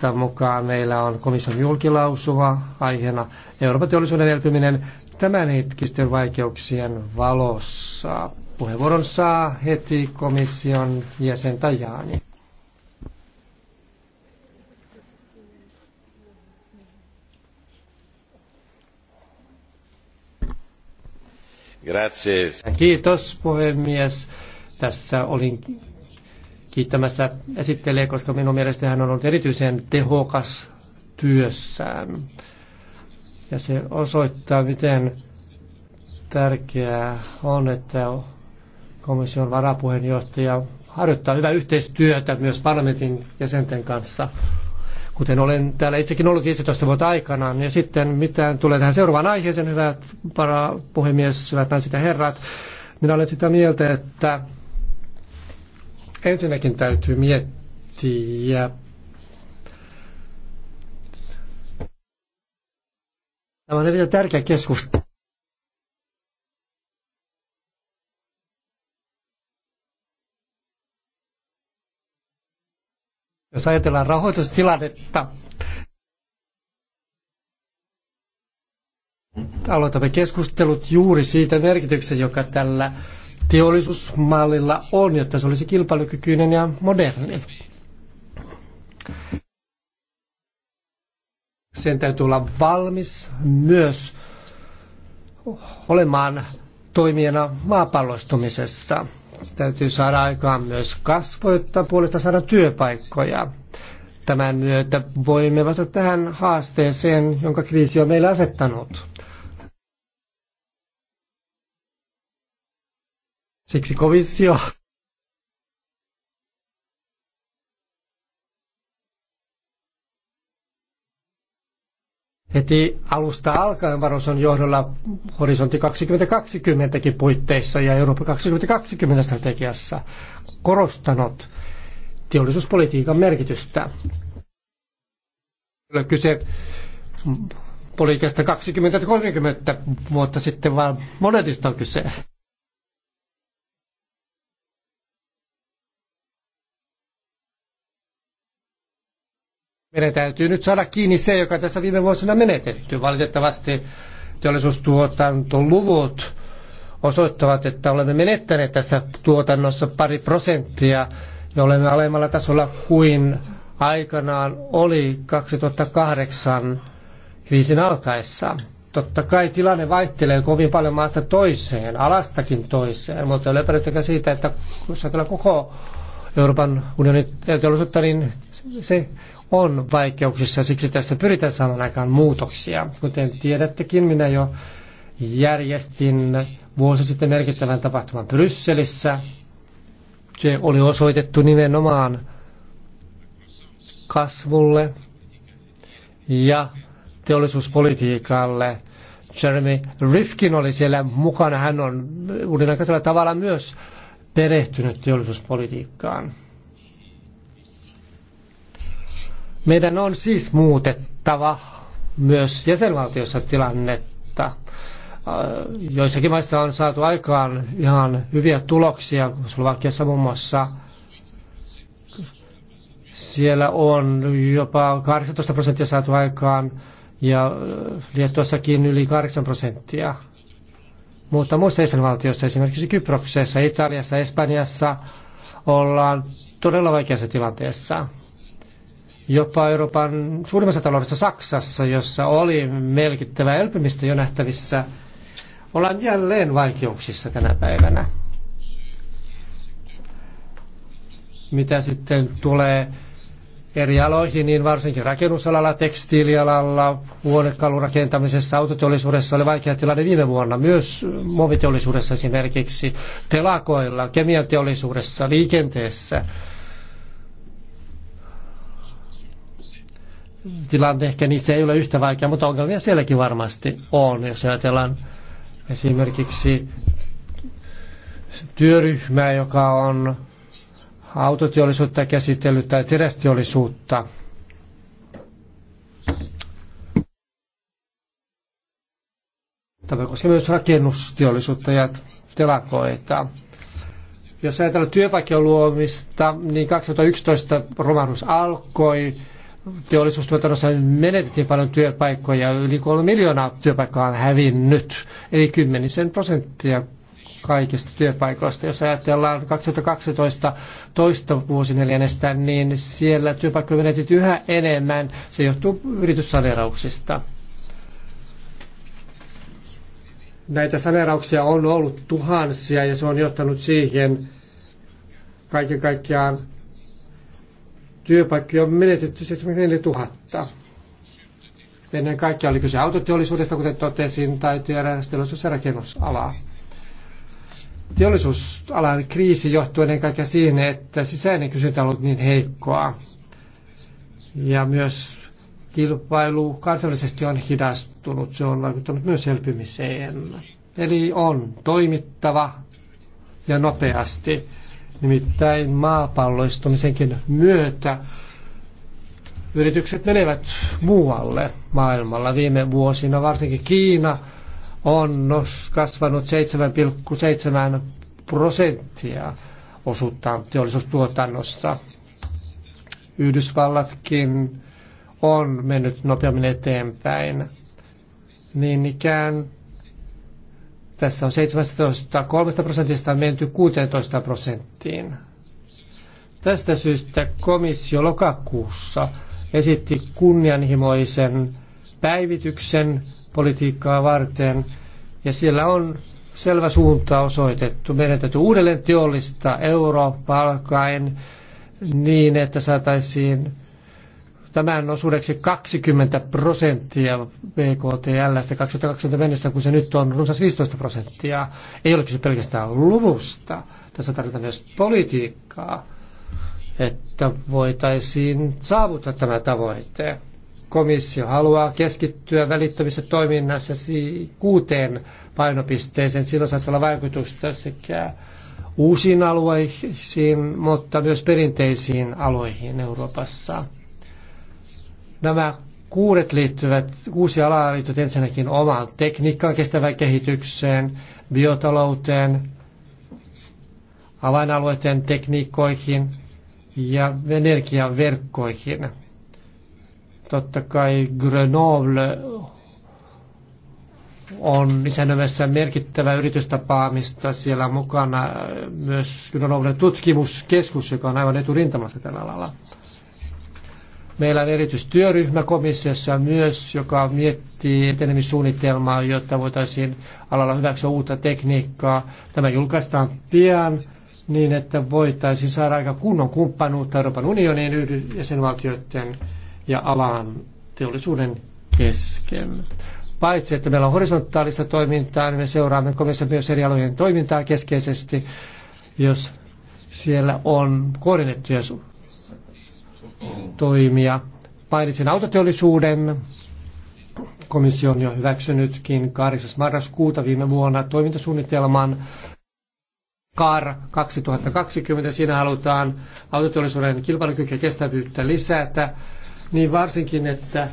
Tämän mukaan meillä on komission julkilausuma aiheena Euroopan teollisuuden elpyminen tämänhetkisten vaikeuksien valossa. Puheenvuoron saa heti komission jäsen Tajani. Grazie. Kiitos puhemies. Tässä olin kiittämässä esittelee, koska minun mielestä hän on ollut erityisen tehokas työssään. Ja se osoittaa, miten tärkeää on, että komission varapuheenjohtaja harjoittaa hyvää yhteistyötä myös parlamentin jäsenten kanssa. Kuten olen täällä itsekin ollut 15 vuotta aikana, niin sitten mitä tulee tähän seuraavaan aiheeseen, hyvät para puhemies, hyvät naiset ja herrat, minä olen sitä mieltä, että Ensinnäkin täytyy miettiä Tämä on erittäin tärkeä keskustelu. Jos ajatellaan rahoitustilannetta, aloitamme keskustelut juuri siitä merkityksestä, joka tällä teollisuusmallilla on, jotta se olisi kilpailukykyinen ja moderni. Sen täytyy olla valmis myös olemaan toimijana maapallostumisessa. Se täytyy saada aikaan myös kasvoittaa jotta puolesta saada työpaikkoja. Tämän myötä voimme vastata tähän haasteeseen, jonka kriisi on meille asettanut. Siksi komissio heti alusta alkaen Varoson johdolla horisontti 2020 puitteissa ja Eurooppa 2020 strategiassa korostanut teollisuuspolitiikan merkitystä. Kyllä kyse politiikasta 20-30 vuotta sitten, vaan monedista on kyse. Meidän täytyy nyt saada kiinni se, joka tässä viime vuosina menetetty. Valitettavasti teollisuustuotantoluvut osoittavat, että olemme menettäneet tässä tuotannossa pari prosenttia ja olemme alemmalla tasolla kuin aikanaan oli 2008 kriisin alkaessa. Totta kai tilanne vaihtelee kovin paljon maasta toiseen, alastakin toiseen, mutta ei ole epäilystäkään siitä, että jos ajatellaan koko Euroopan unionin teollisuutta, niin se on vaikeuksissa, siksi tässä pyritään saamaan aikaan muutoksia. Kuten tiedättekin, minä jo järjestin vuosi sitten merkittävän tapahtuman Brysselissä. Se oli osoitettu nimenomaan kasvulle ja teollisuuspolitiikalle. Jeremy Rifkin oli siellä mukana. Hän on uudenaikaisella tavalla myös perehtynyt teollisuuspolitiikkaan. Meidän on siis muutettava myös jäsenvaltiossa tilannetta. Äh, joissakin maissa on saatu aikaan ihan hyviä tuloksia, Slovakiassa muun muassa siellä on jopa 18 prosenttia saatu aikaan ja äh, Liettuassakin yli 8 prosenttia. Mutta muissa jäsenvaltioissa, esimerkiksi Kyproksessa, Italiassa, Espanjassa, ollaan todella vaikeassa tilanteessa jopa Euroopan suurimmassa taloudessa Saksassa, jossa oli merkittävää elpymistä jo nähtävissä, ollaan jälleen vaikeuksissa tänä päivänä. Mitä sitten tulee eri aloihin, niin varsinkin rakennusalalla, tekstiilialalla, huonekalurakentamisessa, autoteollisuudessa oli vaikea tilanne viime vuonna, myös muoviteollisuudessa esimerkiksi, telakoilla, kemianteollisuudessa, liikenteessä – tilanne ehkä niissä ei ole yhtä vaikea, mutta ongelmia sielläkin varmasti on. Jos ajatellaan esimerkiksi työryhmää, joka on autoteollisuutta käsitellyt tai terästeollisuutta, Tämä koskee myös rakennusteollisuutta ja telakoita. Jos ajatellaan työpaikan luomista, niin 2011 romahdus alkoi teollisuustuotannossa menetettiin paljon työpaikkoja, yli kolme miljoonaa työpaikkaa on hävinnyt, eli kymmenisen prosenttia kaikista työpaikoista. Jos ajatellaan 2012 toista vuosineljännestä, niin siellä työpaikkoja menetit yhä enemmän. Se johtuu yrityssaneerauksista. Näitä saneerauksia on ollut tuhansia ja se on johtanut siihen kaiken kaikkiaan työpaikkoja on menetetty 74 000. Ennen kaikkea oli kyse autoteollisuudesta, kuten totesin, tai työjärjestelmys ja rakennusalaa. Teollisuusalan kriisi johtuu ennen kaikkea siihen, että sisäinen kysyntä on ollut niin heikkoa. Ja myös kilpailu kansainvälisesti on hidastunut, se on vaikuttanut myös elpymiseen. Eli on toimittava ja nopeasti. Nimittäin maapalloistumisenkin myötä yritykset menevät muualle maailmalla. Viime vuosina varsinkin Kiina on kasvanut 7,7 prosenttia osuuttaan teollisuustuotannosta. Yhdysvallatkin on mennyt nopeammin eteenpäin. Niin ikään tässä on 17,3 prosentista menty 16 prosenttiin. Tästä syystä komissio lokakuussa esitti kunnianhimoisen päivityksen politiikkaa varten, ja siellä on selvä suunta osoitettu. Meidän täytyy uudelleen teollista Eurooppaa alkaen niin, että saataisiin tämän osuudeksi 20 prosenttia BKTLstä 2020 mennessä, kun se nyt on runsas 15 prosenttia. Ei ole kyse pelkästään luvusta. Tässä tarvitaan myös politiikkaa, että voitaisiin saavuttaa tämä tavoite. Komissio haluaa keskittyä välittömissä toiminnassa kuuteen painopisteeseen. Sillä saattaa olla vaikutusta sekä uusiin alueisiin, mutta myös perinteisiin aloihin Euroopassa Nämä kuudet liittyvät, kuusi alaa liittyvät ensinnäkin omaan tekniikkaan, kestävään kehitykseen, biotalouteen, avainalueiden tekniikkoihin ja energiaverkkoihin. Totta kai Grenoble on isännöimässä merkittävä yritystapaamista. Siellä mukana myös Grenoblen tutkimuskeskus, joka on aivan eturintamassa tällä alalla. Meillä on erityistyöryhmä komissiossa myös, joka miettii etenemissuunnitelmaa, jotta voitaisiin alalla hyväksyä uutta tekniikkaa. Tämä julkaistaan pian niin, että voitaisiin saada aika kunnon kumppanuutta Euroopan unionin jäsenvaltioiden ja alan teollisuuden kesken. Paitsi, että meillä on horisontaalista toimintaa, niin me seuraamme komissa myös eri alojen toimintaa keskeisesti, jos siellä on kohdennettuja toimia. Mainitsin autoteollisuuden. Komissio on jo hyväksynytkin 8. marraskuuta viime vuonna toimintasuunnitelman KAR 2020. Siinä halutaan autoteollisuuden kilpailukykyä ja kestävyyttä lisätä, niin varsinkin, että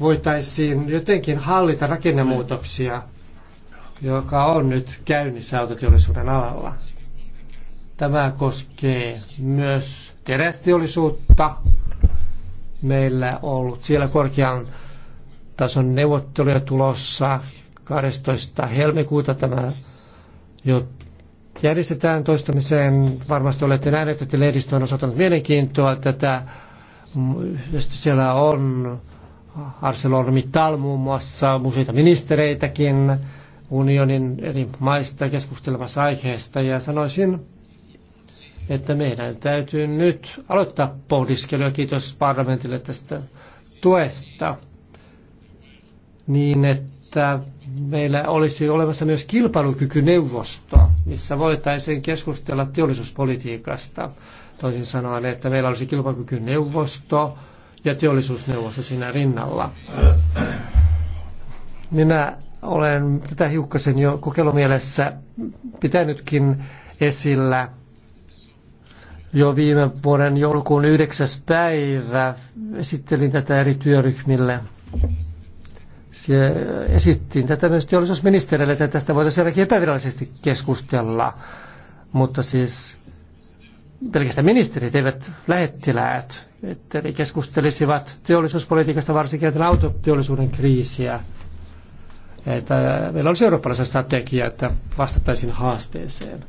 voitaisiin jotenkin hallita rakennemuutoksia, joka on nyt käynnissä autoteollisuuden alalla. Tämä koskee myös terästeollisuutta, meillä ollut siellä korkean tason neuvotteluja tulossa 12. helmikuuta tämä jo järjestetään toistamiseen. Varmasti olette nähneet, että lehdistö on osoittanut mielenkiintoa tätä. Siellä on ArcelorMittal muun muassa, useita ministereitäkin unionin eri maista keskustelemassa aiheesta. Ja sanoisin, että meidän täytyy nyt aloittaa pohdiskelu ja kiitos parlamentille tästä tuesta niin, että meillä olisi olemassa myös kilpailukykyneuvosto, missä voitaisiin keskustella teollisuuspolitiikasta. Toisin sanoen, että meillä olisi kilpailukykyneuvosto ja teollisuusneuvosto siinä rinnalla. Minä olen tätä hiukkasen jo kokeilumielessä pitänytkin esillä jo viime vuoden joulukuun yhdeksäs päivä esittelin tätä eri työryhmille. Sie esittiin tätä myös teollisuusministerille, että tästä voitaisiin jotenkin epävirallisesti keskustella. Mutta siis pelkästään ministerit, eivät lähettiläät, että he keskustelisivat teollisuuspolitiikasta, varsinkin tämän autoteollisuuden kriisiä. Että meillä olisi eurooppalaisen strategia, että vastattaisiin haasteeseen.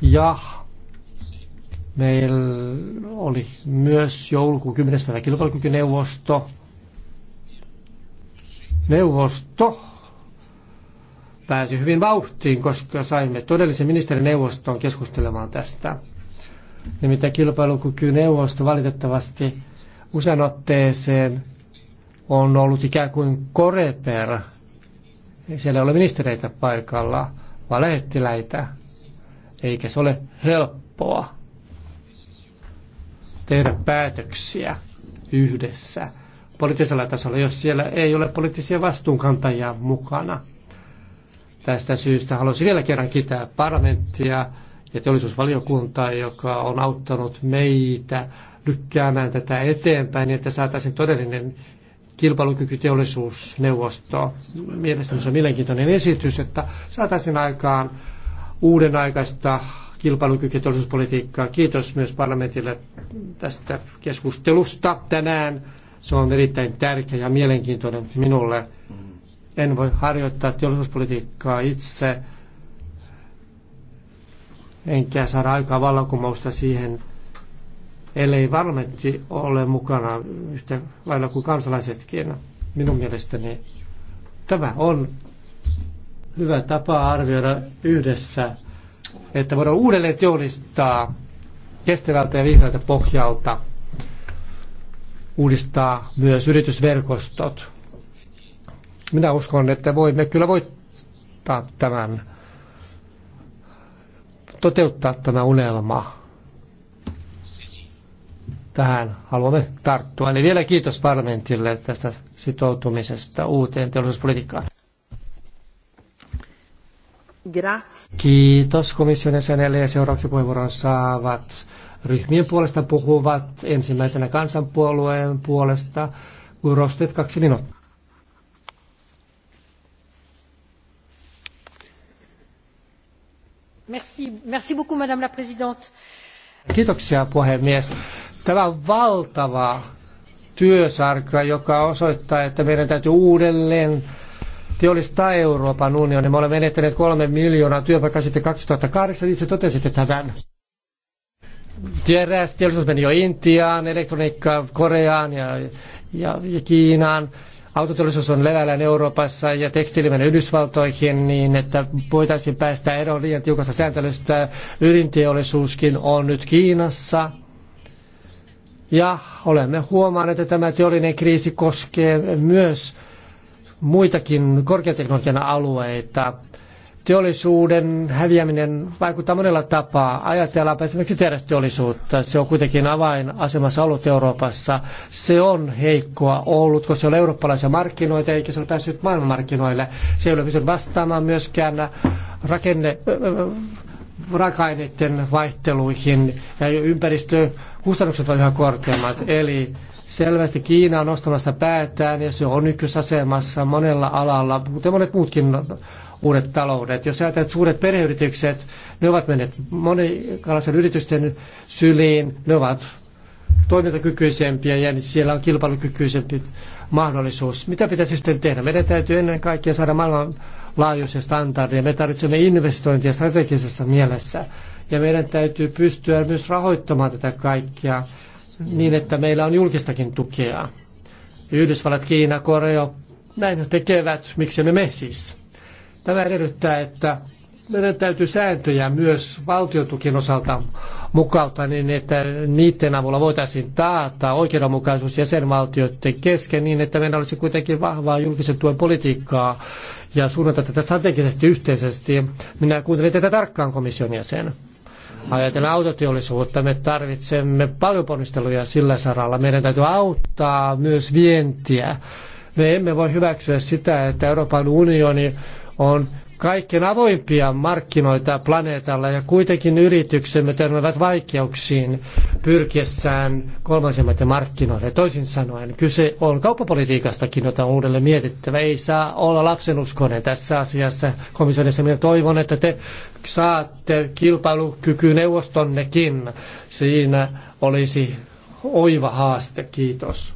Ja Meillä oli myös joulukuun 10. päivä kilpailukykyneuvosto. Neuvosto pääsi hyvin vauhtiin, koska saimme todellisen ministerineuvoston keskustelemaan tästä. Nimittäin kilpailukykyneuvosto valitettavasti usein otteeseen on ollut ikään kuin koreper. Siellä ei ole ministereitä paikalla, vaan lähettiläitä. Eikä se ole helppoa tehdä päätöksiä yhdessä poliittisella tasolla, jos siellä ei ole poliittisia vastuunkantajia mukana. Tästä syystä haluaisin vielä kerran kiittää parlamenttia ja teollisuusvaliokuntaa, joka on auttanut meitä lykkäämään tätä eteenpäin, niin että saataisiin todellinen kilpailukykyteollisuusneuvosto. Mielestäni se on mielenkiintoinen esitys, että saataisiin aikaan uuden aikaista kilpailukyky- ja teollisuuspolitiikkaa. Kiitos myös parlamentille tästä keskustelusta tänään. Se on erittäin tärkeä ja mielenkiintoinen minulle. En voi harjoittaa teollisuuspolitiikkaa itse, enkä saada aikaa vallankumousta siihen, ellei parlamentti ole mukana yhtä lailla kuin kansalaisetkin. Minun mielestäni tämä on hyvä tapa arvioida yhdessä että voidaan uudelleen teollistaa kestävältä ja vihreältä pohjalta, uudistaa myös yritysverkostot. Minä uskon, että voimme kyllä voittaa tämän, toteuttaa tämä unelma. Tähän haluamme tarttua. Eli vielä kiitos parlamentille tästä sitoutumisesta uuteen teollisuuspolitiikkaan. Grazie. Kiitos komission jäsenelle ja seuraavaksi puheenvuoron saavat ryhmien puolesta puhuvat ensimmäisenä kansanpuolueen puolesta. Kurostet kaksi minuuttia. Kiitoksia puhemies. Tämä on valtava työsarka, joka osoittaa, että meidän täytyy uudelleen teollistaa Euroopan unioni. Me olemme menettäneet kolme miljoonaa työpaikkaa sitten 2008. Itse totesitte tämän. Teräs teollisuus meni jo Intiaan, elektroniikka Koreaan ja, ja, ja Kiinaan. Autoteollisuus on levällään Euroopassa ja tekstiili menee Yhdysvaltoihin niin, että voitaisiin päästä eroon liian tiukasta sääntelystä. Ydinteollisuuskin on nyt Kiinassa. Ja olemme huomanneet, että tämä teollinen kriisi koskee myös muitakin korkeateknologian alueita. Teollisuuden häviäminen vaikuttaa monella tapaa. Ajatellaanpa esimerkiksi terästeollisuutta. Se on kuitenkin avainasemassa ollut Euroopassa. Se on heikkoa ollut, koska se on eurooppalaisia markkinoita eikä se ole päässyt maailmanmarkkinoille. Se ei ole pystynyt vastaamaan myöskään rakenne, äh, raaka-aineiden vaihteluihin ja ympäristökustannukset ovat yhä korkeammat. Eli Selvästi Kiina on nostamassa päätään ja se on ykkösasemassa monella alalla, kuten monet muutkin uudet taloudet. Jos ajatellaan, että suuret perheyritykset, ne ovat menneet monikalaisen yritysten syliin, ne ovat toimintakykyisempiä ja siellä on kilpailukykyisempi mahdollisuus. Mitä pitäisi sitten tehdä? Meidän täytyy ennen kaikkea saada maailmanlaajuisia standardeja. Me tarvitsemme investointia strategisessa mielessä ja meidän täytyy pystyä myös rahoittamaan tätä kaikkea niin, että meillä on julkistakin tukea. Yhdysvallat, Kiina, Korea, näin tekevät, miksi me me siis. Tämä edellyttää, että meidän täytyy sääntöjä myös valtiotukin osalta mukautta, niin, että niiden avulla voitaisiin taata oikeudenmukaisuus jäsenvaltioiden kesken niin, että meillä olisi kuitenkin vahvaa julkisen tuen politiikkaa ja suunnata tätä strategisesti yhteisesti. Minä kuuntelin tätä tarkkaan komission jäsenen. Ajatellen autoteollisuutta me tarvitsemme paljon ponnisteluja sillä saralla. Meidän täytyy auttaa myös vientiä. Me emme voi hyväksyä sitä, että Euroopan unioni on kaikkein avoimpia markkinoita planeetalla ja kuitenkin yrityksemme törmäävät vaikeuksiin pyrkiessään kolmansien maiden markkinoille. Toisin sanoen kyse on kauppapolitiikastakin, jota on uudelleen mietittävä. Ei saa olla lapsenuskoinen tässä asiassa. Komissionissa minä toivon, että te saatte kilpailukykyneuvostonnekin. Siinä olisi oiva haaste. Kiitos.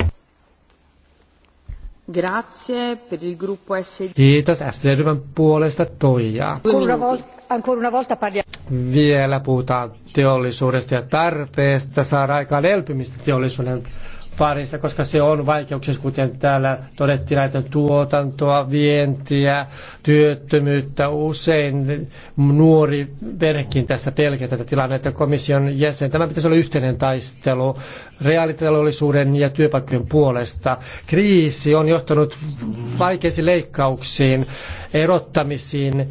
Grazie per il gruppo SD. Kiitos ryhmän puolesta Toija. Vielä puhutaan teollisuudesta ja tarpeesta saada aikaan elpymistä teollisuuden parissa, koska se on vaikeuksissa, kuten täällä todettiin, näitä tuotantoa, vientiä, työttömyyttä. Usein nuori perhekin tässä pelkää tätä tilannetta komission jäsen. Tämä pitäisi olla yhteinen taistelu reaalitaloudellisuuden ja työpaikkojen puolesta. Kriisi on johtanut vaikeisiin leikkauksiin, erottamisiin,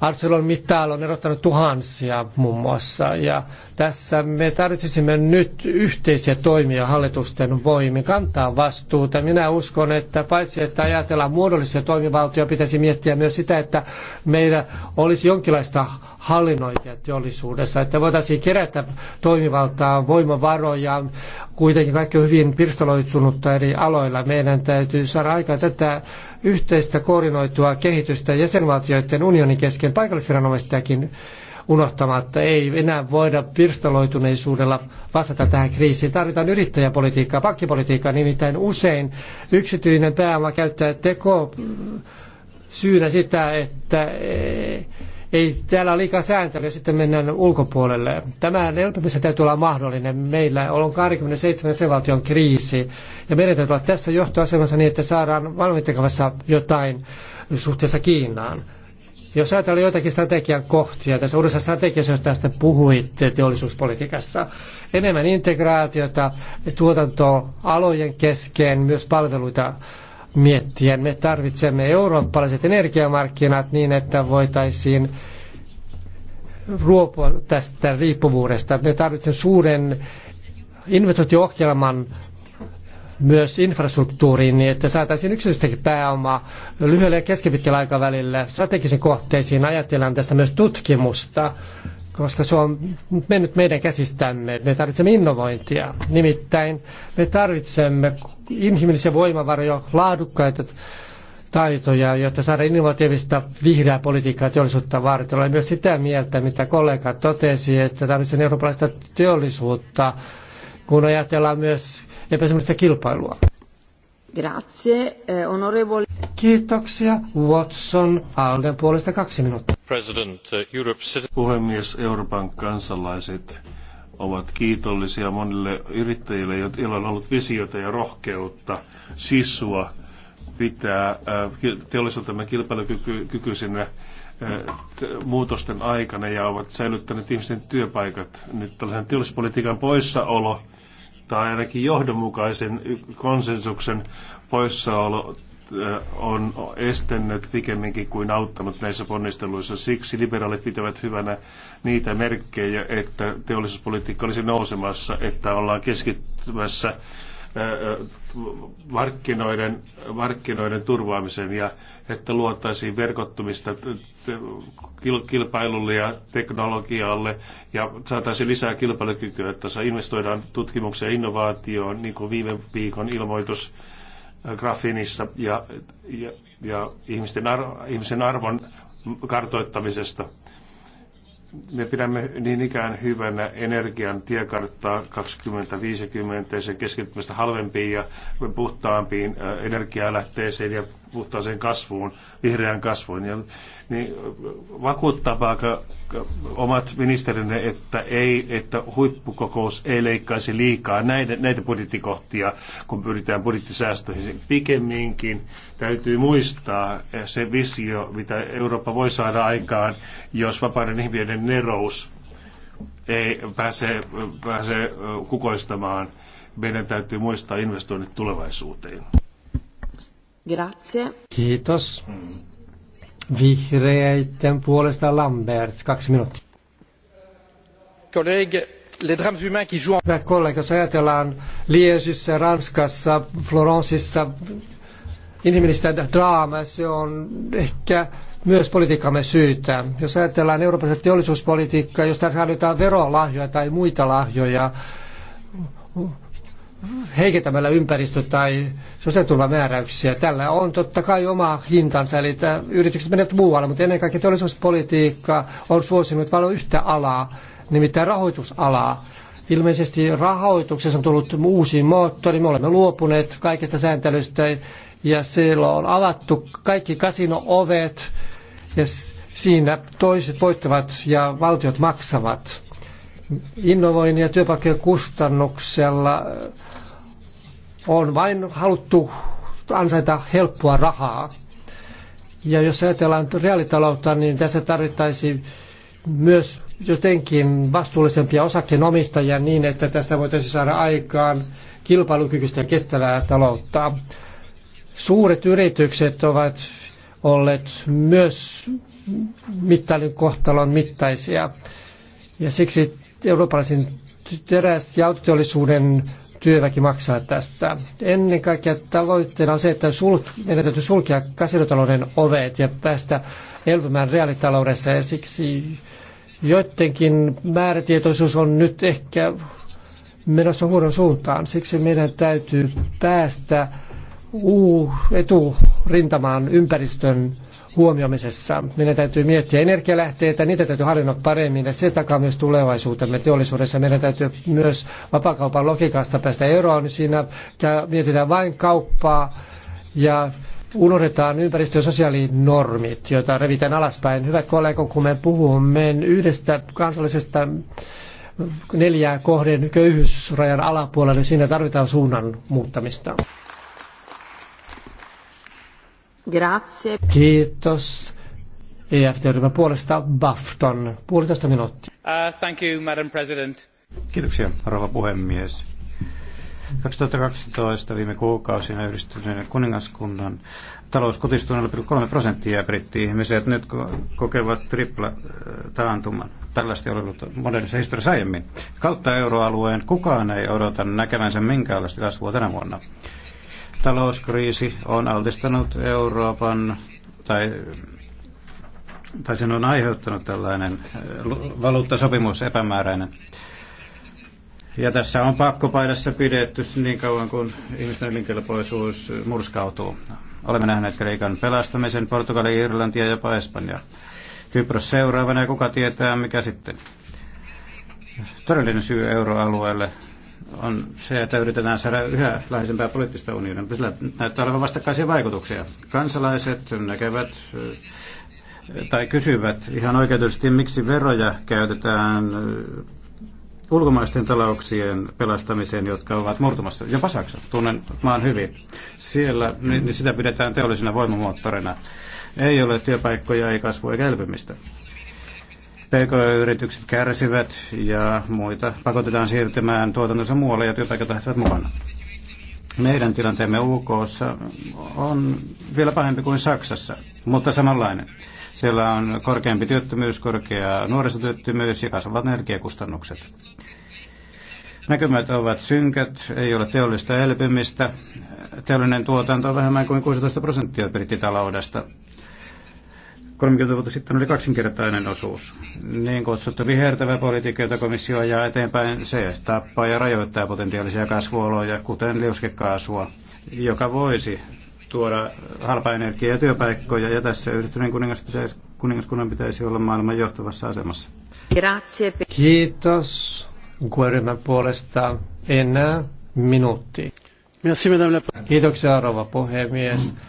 Arcelon mittaalla on erottanut tuhansia muun muassa. Ja tässä me tarvitsisimme nyt yhteisiä toimia hallitusten voimin kantaa vastuuta. Minä uskon, että paitsi että ajatellaan muodollisia toimivaltoja, pitäisi miettiä myös sitä, että meillä olisi jonkinlaista hallinnointia teollisuudessa, että voitaisiin kerätä toimivaltaa, voimavaroja, kuitenkin kaikki on hyvin pirstaloitsunutta eri aloilla. Meidän täytyy saada aikaan tätä yhteistä koordinoitua kehitystä jäsenvaltioiden unionin kesken paikallisviranomaistakin unohtamatta. Ei enää voida pirstaloituneisuudella vastata tähän kriisiin. Tarvitaan yrittäjäpolitiikkaa, pankkipolitiikkaa, nimittäin usein yksityinen pääoma käyttää teko syynä sitä, että ei täällä ole liikaa sääntelyä, sitten mennään ulkopuolelle. Tämä elpymisen täytyy olla mahdollinen. Meillä on 27 sevaltion kriisi, ja meidän täytyy olla tässä johtoasemassa niin, että saadaan valmiittakavassa jotain suhteessa Kiinaan. Jos ajatellaan joitakin strategian kohtia, tässä uudessa strategiassa, josta tästä puhuitte teollisuuspolitiikassa, enemmän integraatiota tuotantoalojen kesken, myös palveluita miettiä. Me tarvitsemme eurooppalaiset energiamarkkinat niin, että voitaisiin ruopua tästä riippuvuudesta. Me tarvitsemme suuren investointiohjelman myös infrastruktuuriin, niin että saataisiin yksityistäkin pääomaa lyhyellä ja keskipitkällä aikavälillä strategisiin kohteisiin. Ajatellaan tästä myös tutkimusta koska se on mennyt meidän käsistämme. Me tarvitsemme innovointia. Nimittäin me tarvitsemme inhimillisiä voimavaroja, laadukkaita taitoja, jotta saada innovatiivista vihreää politiikkaa teollisuutta varten. Olen myös sitä mieltä, mitä kollega totesi, että tarvitsemme eurooppalaista teollisuutta, kun ajatellaan myös epäsemmoista kilpailua. Grazie, eh, onorevole. Kiitoksia. Watson, Alden puolesta kaksi minuuttia. President, uh, Europe... Puhemies, Euroopan kansalaiset ovat kiitollisia monille yrittäjille, joilla on ollut visiota ja rohkeutta, sisua pitää äh, teollisuutemme kilpailukykyisenä äh, muutosten aikana ja ovat säilyttäneet ihmisten työpaikat. Nyt tällaisen teollisuuspolitiikan poissaolo tai ainakin johdonmukaisen konsensuksen poissaolo äh, on estennyt pikemminkin kuin auttanut näissä ponnisteluissa. Siksi liberaalit pitävät hyvänä niitä merkkejä, että teollisuuspolitiikka olisi nousemassa, että ollaan keskittymässä markkinoiden, markkinoiden turvaamisen ja että luotaisiin verkottumista kilpailulle ja teknologialle ja saataisiin lisää kilpailukykyä, että investoidaan tutkimukseen ja innovaatioon, niin kuin viime viikon ilmoitus Grafinissa ja, ja, ja ihmisten, arvo, ihmisen arvon kartoittamisesta me pidämme niin ikään hyvänä energian tiekarttaa 2050 ja sen keskittymistä halvempiin ja puhtaampiin äh, energialähteisiin ja puhtaaseen kasvuun, vihreään kasvuun. Ja, niin vakuuttavaako äh, omat ministerinne, että, ei, että huippukokous ei leikkaisi liikaa näitä, näitä budjettikohtia, kun pyritään budjettisäästöihin. Pikemminkin täytyy muistaa äh, se visio, mitä Eurooppa voi saada aikaan, jos vapaiden ihminen nerous ei pääse, pääse äh, kukoistamaan. Meidän täytyy muistaa investoinnit tulevaisuuteen. Grazie. Kiitos. Vihreiden puolesta Lambert, kaksi minuuttia. Kollegi, les drames humains qui jouent... Hyvät kollegat, jos ajatellaan Liesissä, Ranskassa, Florenceissa, inhimillistä draamaa, se on ehkä myös politiikkamme syytä. Jos ajatellaan eurooppalaista teollisuuspolitiikkaa, jos tarvitaan verolahjoja tai muita lahjoja, heikentämällä ympäristö- tai sosiaaliturvamääräyksiä. Tällä on totta kai oma hintansa, eli yritykset menevät muualle, mutta ennen kaikkea teollisuuspolitiikka on suosinut vain yhtä alaa, nimittäin rahoitusalaa. Ilmeisesti rahoituksessa on tullut uusi moottori, me olemme luopuneet kaikesta sääntelystä ja siellä on avattu kaikki kasino ovet ja siinä toiset voittavat ja valtiot maksavat. Innovoinnin ja työpaikkojen kustannuksella on vain haluttu ansaita helppoa rahaa. Ja jos ajatellaan reaalitaloutta, niin tässä tarvittaisiin myös jotenkin vastuullisempia osakkeenomistajia niin, että tässä voitaisiin saada aikaan kilpailukykyistä ja kestävää taloutta. Suuret yritykset ovat olleet myös mittailun kohtalon mittaisia. Ja siksi eurooppalaisen teräs- ja autoteollisuuden työväki maksaa tästä. Ennen kaikkea tavoitteena on se, että meidän täytyy sulkea kasinotalouden ovet ja päästä elpymään reaalitaloudessa ja siksi joidenkin määrätietoisuus on nyt ehkä menossa huonon suuntaan. Siksi meidän täytyy päästä uu eturintamaan ympäristön huomioimisessa. Meidän täytyy miettiä energialähteitä, niitä täytyy hallinnoida paremmin ja se takaa myös tulevaisuutemme teollisuudessa. Meidän täytyy myös vapakaupan logiikasta päästä eroon, niin siinä mietitään vain kauppaa ja unohdetaan ympäristö- ja sosiaalinormit, joita revitään alaspäin. Hyvät kollegat, kun me puhumme yhdestä kansallisesta neljää kohden köyhyysrajan alapuolelle, niin siinä tarvitaan suunnan muuttamista. Grazie. Kiitos. EFT-ryhmän puolesta Bafton, puolitoista minuuttia. Uh, thank you, Madam President. Kiitoksia, rouva puhemies. 2012 viime kuukausina yhdistyneen kuningaskunnan talous kutistui 0,3 prosenttia britti-ihmiset nyt kokevat tripla äh, taantuman. Tällaista ei ollut modernissa historiassa aiemmin. Kautta euroalueen kukaan ei odota näkevänsä minkäänlaista kasvua tänä vuonna. Talouskriisi on altistanut Euroopan, tai, tai sen on aiheuttanut tällainen äh, valuuttasopimus epämääräinen. Ja tässä on pakkopaidassa pidetty niin kauan kuin ihmisten elinkelpoisuus murskautuu. Olemme nähneet Kreikan pelastamisen, Portugali, Irlanti ja jopa Espanja. Kypros seuraavana ja kuka tietää mikä sitten. Todellinen syy euroalueelle on se, että yritetään saada yhä läheisempää poliittista unionia. Sillä näyttää olevan vastakkaisia vaikutuksia. Kansalaiset näkevät tai kysyvät ihan oikeutusti, miksi veroja käytetään ulkomaisten talouksien pelastamiseen, jotka ovat murtumassa. Jopa Saksa, tunnen maan hyvin. Siellä niin sitä pidetään teollisena voimamoottorina. Ei ole työpaikkoja, ei kasvua eikä elpymistä. PK-yritykset kärsivät ja muita pakotetaan siirtymään tuotantonsa muualle ja työpaikat lähtevät mukana. Meidän tilanteemme UK on vielä pahempi kuin Saksassa, mutta samanlainen. Siellä on korkeampi työttömyys, korkea nuorisotyöttömyys ja kasvavat energiakustannukset. Näkymät ovat synkät, ei ole teollista elpymistä. Teollinen tuotanto on vähemmän kuin 16 prosenttia brittitaloudesta. 30 vuotta sitten oli kaksinkertainen osuus. Niin kutsuttu vihertävä politiikka, jota komissio ajaa eteenpäin, se tappaa ja rajoittaa potentiaalisia kasvuoloja, kuten liuskekaasua, joka voisi tuoda halpaa energiaa ja työpaikkoja, ja tässä yhdistyneen kuningaskunnan pitäisi olla maailman johtavassa asemassa. Grazie. Kiitos ryhmän puolesta enää minuutti. Kiitoksia, rouva puhemies. Mm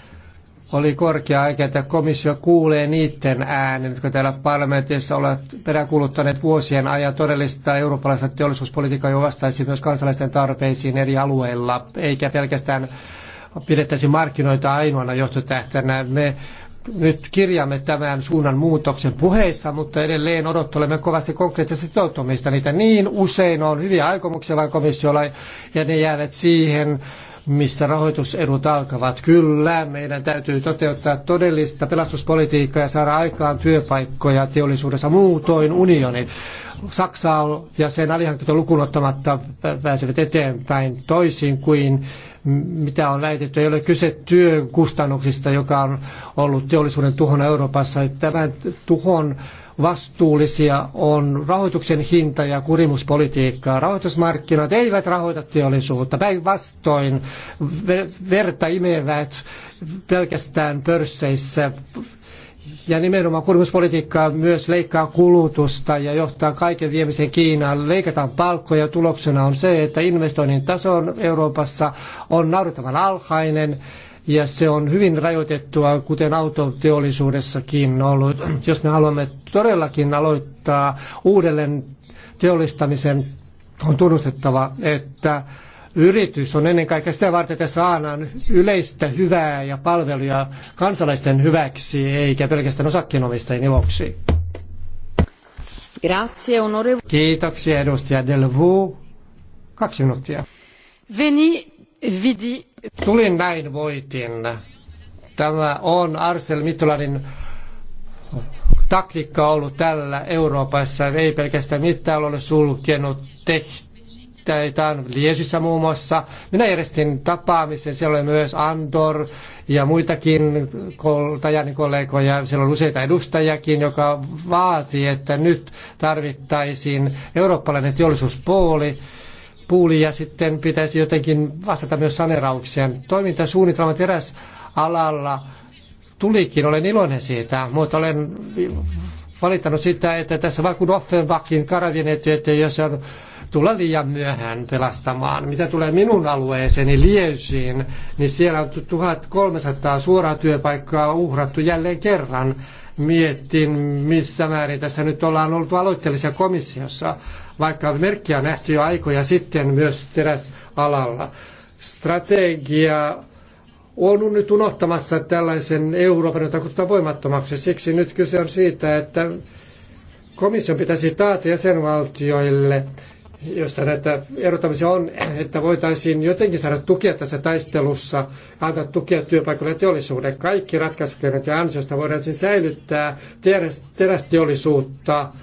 oli korkea aika, että komissio kuulee niiden äänen, jotka täällä parlamentissa ovat peräkuluttaneet vuosien ajan todellista eurooppalaista teollisuuspolitiikkaa, joka vastaisi myös kansalaisten tarpeisiin eri alueilla, eikä pelkästään pidettäisi markkinoita ainoana johtotähtänä. Me nyt kirjaamme tämän suunnan muutoksen puheissa, mutta edelleen odottelemme kovasti konkreettista sitoutumista. Niitä niin usein on hyviä aikomuksia vain komissiolla ja ne jäävät siihen missä rahoitusedut alkavat. Kyllä, meidän täytyy toteuttaa todellista pelastuspolitiikkaa ja saada aikaan työpaikkoja teollisuudessa. Muutoin unioni Saksa ja sen alihankinta lukuun ottamatta pääsevät eteenpäin toisin kuin mitä on väitetty. Ei ole kyse työn kustannuksista, joka on ollut teollisuuden tuhona Euroopassa. Tämän tuhon vastuullisia on rahoituksen hinta ja kurimuspolitiikka. Rahoitusmarkkinat eivät rahoita teollisuutta, päinvastoin verta imevät pelkästään pörsseissä ja nimenomaan kurimuspolitiikka myös leikkaa kulutusta ja johtaa kaiken viemiseen Kiinaan. Leikataan palkkoja ja tuloksena on se, että investoinnin taso Euroopassa on naurettavan alhainen ja se on hyvin rajoitettua, kuten autoteollisuudessakin ollut. Jos me haluamme todellakin aloittaa uudelleen teollistamisen, on tunnustettava, että yritys on ennen kaikkea sitä varten, että saadaan yleistä hyvää ja palveluja kansalaisten hyväksi, eikä pelkästään osakkeenomistajien iloksi. Grazie, onore... Kiitoksia, edustaja Delvu. Kaksi minuuttia. Veni, vidi, Tulin näin voitin. Tämä on Arsel Mitulanin taktiikka ollut tällä Euroopassa. Ei pelkästään mitään ole sulkenut tehtaitaan Liesissä muun muassa. Minä järjestin tapaamisen. Siellä oli myös Andor ja muitakin Tajanin kollegoja. Siellä oli useita edustajakin, joka vaati, että nyt tarvittaisiin eurooppalainen teollisuuspooli ja sitten pitäisi jotenkin vastata myös saneraukseen. Toimintasuunnitelma teräs alalla tulikin, olen iloinen siitä, mutta olen valittanut sitä, että tässä vaikka kun Offenbachin että jos on tulla liian myöhään pelastamaan. Mitä tulee minun alueeseeni Liesiin, niin siellä on 1300 suoraa työpaikkaa uhrattu jälleen kerran. Mietin, missä määrin tässä nyt ollaan oltu aloitteellisia komissiossa vaikka merkkiä on nähty jo aikoja sitten myös teräsalalla. Strategia on nyt unohtamassa tällaisen Euroopan, jota kutsutaan voimattomaksi. Siksi nyt kyse on siitä, että komission pitäisi taata jäsenvaltioille, jossa näitä erottamisia on, että voitaisiin jotenkin saada tukea tässä taistelussa, antaa tukea työpaikoille ja teollisuuden. Kaikki ratkaisukeinot ja ansiosta voidaan siis säilyttää terästeollisuutta. Teräs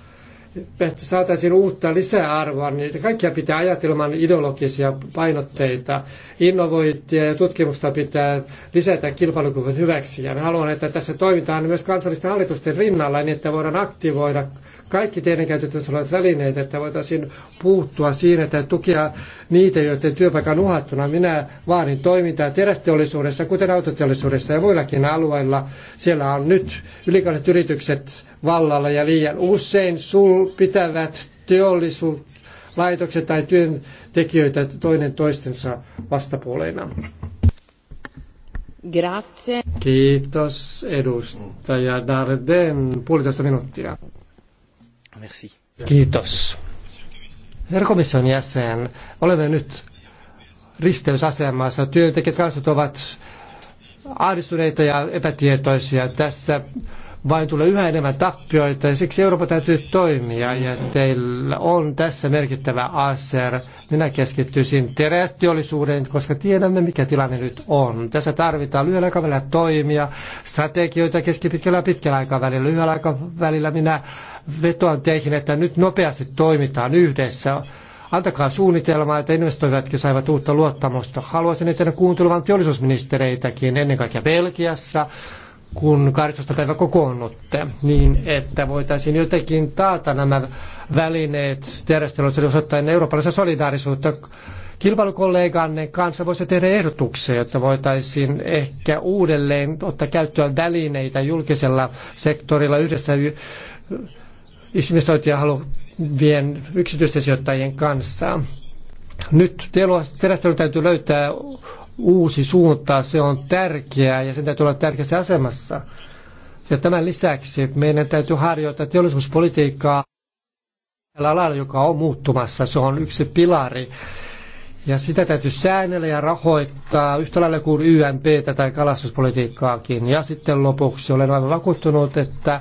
että saataisiin uutta lisäarvoa, niin kaikkia pitää ajatella ideologisia painotteita. Innovointia ja tutkimusta pitää lisätä kilpailukyvyn hyväksi. Ja haluan, että tässä toimitaan myös kansallisten hallitusten rinnalla, niin että voidaan aktivoida kaikki teidän käytettävissä olevat välineet, että voitaisiin puuttua siihen, että tukea niitä, joiden työpaikan uhattuna. Minä vaadin toimintaa terästeollisuudessa, kuten autoteollisuudessa ja muillakin alueilla. Siellä on nyt ylikalliset yritykset vallalla ja liian usein sul pitävät teollisuuslaitokset laitokset tai työntekijöitä toinen toistensa vastapuoleina. Grazie. Kiitos edustaja Darden. Puolitoista minuuttia. Merci. Kiitos. Herra komission jäsen, olemme nyt risteysasemassa. Työntekijät kansat ovat ahdistuneita ja epätietoisia. Tässä vain tulee yhä enemmän tappioita ja siksi Eurooppa täytyy toimia ja teillä on tässä merkittävä aser. Minä keskittyisin terästeollisuuteen, koska tiedämme mikä tilanne nyt on. Tässä tarvitaan lyhyellä aikavälillä toimia, strategioita keskipitkällä ja pitkällä aikavälillä. Lyhyellä aikavälillä minä vetoan teihin, että nyt nopeasti toimitaan yhdessä antakaa suunnitelmaa, että investoivatkin saivat uutta luottamusta. Haluaisin nyt kuuntelevan teollisuusministereitäkin, ennen kaikkea Belgiassa, kun 18 päivä kokoonnutte, niin että voitaisiin jotenkin taata nämä välineet järjestelyt osoittain eurooppalaisen solidaarisuutta. Kilpailukolleganne kanssa voisi tehdä ehdotuksia, jotta voitaisiin ehkä uudelleen ottaa käyttöön välineitä julkisella sektorilla yhdessä investointia haluvien yksityisten sijoittajien kanssa. Nyt terästely täytyy löytää uusi suunta, se on tärkeää ja sen täytyy olla tärkeässä asemassa. Ja tämän lisäksi meidän täytyy harjoittaa teollisuuspolitiikkaa tällä alalla, joka on muuttumassa. Se on yksi pilari. Ja sitä täytyy säännellä ja rahoittaa yhtä lailla kuin YMP tai kalastuspolitiikkaakin. Ja sitten lopuksi olen aivan vakuuttunut, että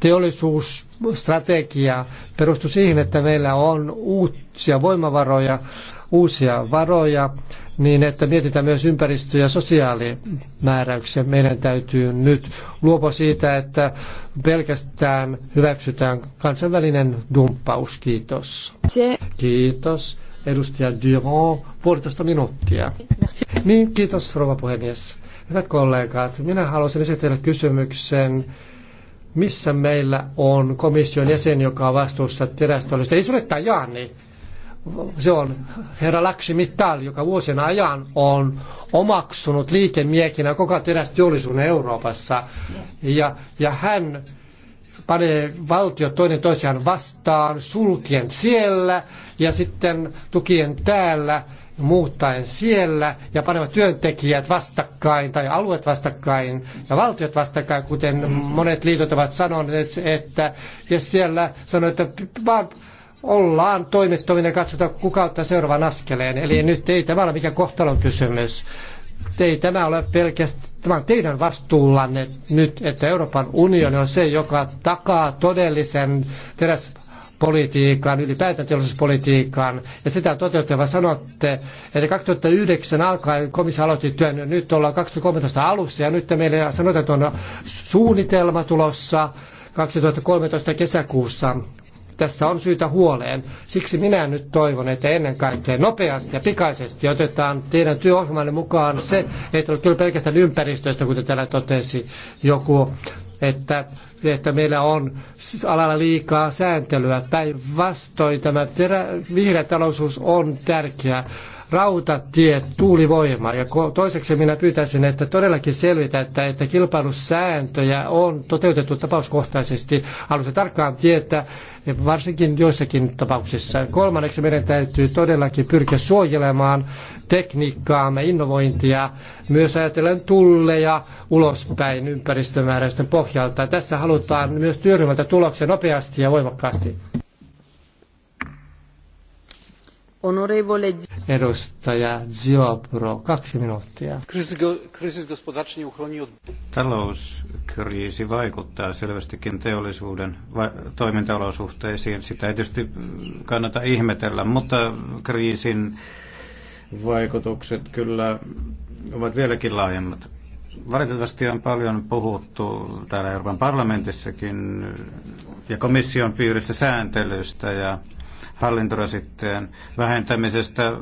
teollisuusstrategia perustuu siihen, että meillä on uusia voimavaroja, uusia varoja niin että mietitään myös ympäristö- ja sosiaalimääräyksiä. Meidän täytyy nyt luopua siitä, että pelkästään hyväksytään kansainvälinen dumppaus. Kiitos. Kiitos. Edustaja Durand, puolitoista minuuttia. Merci. Niin, kiitos rouva puhemies. Hyvät kollegat, minä haluaisin esitellä kysymyksen missä meillä on komission jäsen, joka on vastuussa terästöllisyydestä. Ei sulle Tajani, se on herra Laksi Mittal, joka vuosien ajan on omaksunut liikemiekinä koko terästeollisuuden Euroopassa. Ja, ja hän panee valtiot toinen toisiaan vastaan, sulkien siellä ja sitten tukien täällä, muuttaen siellä ja panevat työntekijät vastakkain tai alueet vastakkain ja valtiot vastakkain, kuten monet liitot ovat sanoneet, että ja siellä sanoo, että vaan ollaan toimettomina ja katsotaan, kuka ottaa seuraavan askeleen. Eli nyt ei tämä ole mikään kohtalon kysymys. Ei tämä ole pelkästään, tämä on teidän vastuullanne nyt, että Euroopan unioni on se, joka takaa todellisen teräs politiikan, ylipäätään teollisuuspolitiikan, ja sitä toteuttava sanotte, että 2009 alkaen komissio aloitti työn, ja nyt ollaan 2013 alussa, ja nyt meillä sanotaan, että on suunnitelma tulossa 2013 kesäkuussa. Tässä on syytä huoleen. Siksi minä nyt toivon, että ennen kaikkea nopeasti ja pikaisesti otetaan teidän työohjelmanne mukaan se, että ole kyllä pelkästään ympäristöstä, kuten täällä totesi joku, että, että meillä on alalla liikaa sääntelyä. Päinvastoin tämä terä, vihreä talousuus on tärkeä rautatiet, tuulivoima. Ja toiseksi minä pyytäisin, että todellakin selvitä, että, että kilpailusääntöjä on toteutettu tapauskohtaisesti. Haluaisin tarkkaan tietää, varsinkin joissakin tapauksissa. Kolmanneksi meidän täytyy todellakin pyrkiä suojelemaan tekniikkaamme, innovointia, myös ajatellen tulleja ulospäin ympäristömääräysten pohjalta. Tässä halutaan myös työryhmältä tuloksia nopeasti ja voimakkaasti. Edustaja Ziobro, kaksi minuuttia. Talouskriisi vaikuttaa selvästikin teollisuuden toimintaolosuhteisiin. Sitä ei tietysti kannata ihmetellä, mutta kriisin vaikutukset kyllä ovat vieläkin laajemmat. Valitettavasti on paljon puhuttu täällä Euroopan parlamentissakin ja komission piirissä sääntelystä ja hallintorasitteen vähentämisestä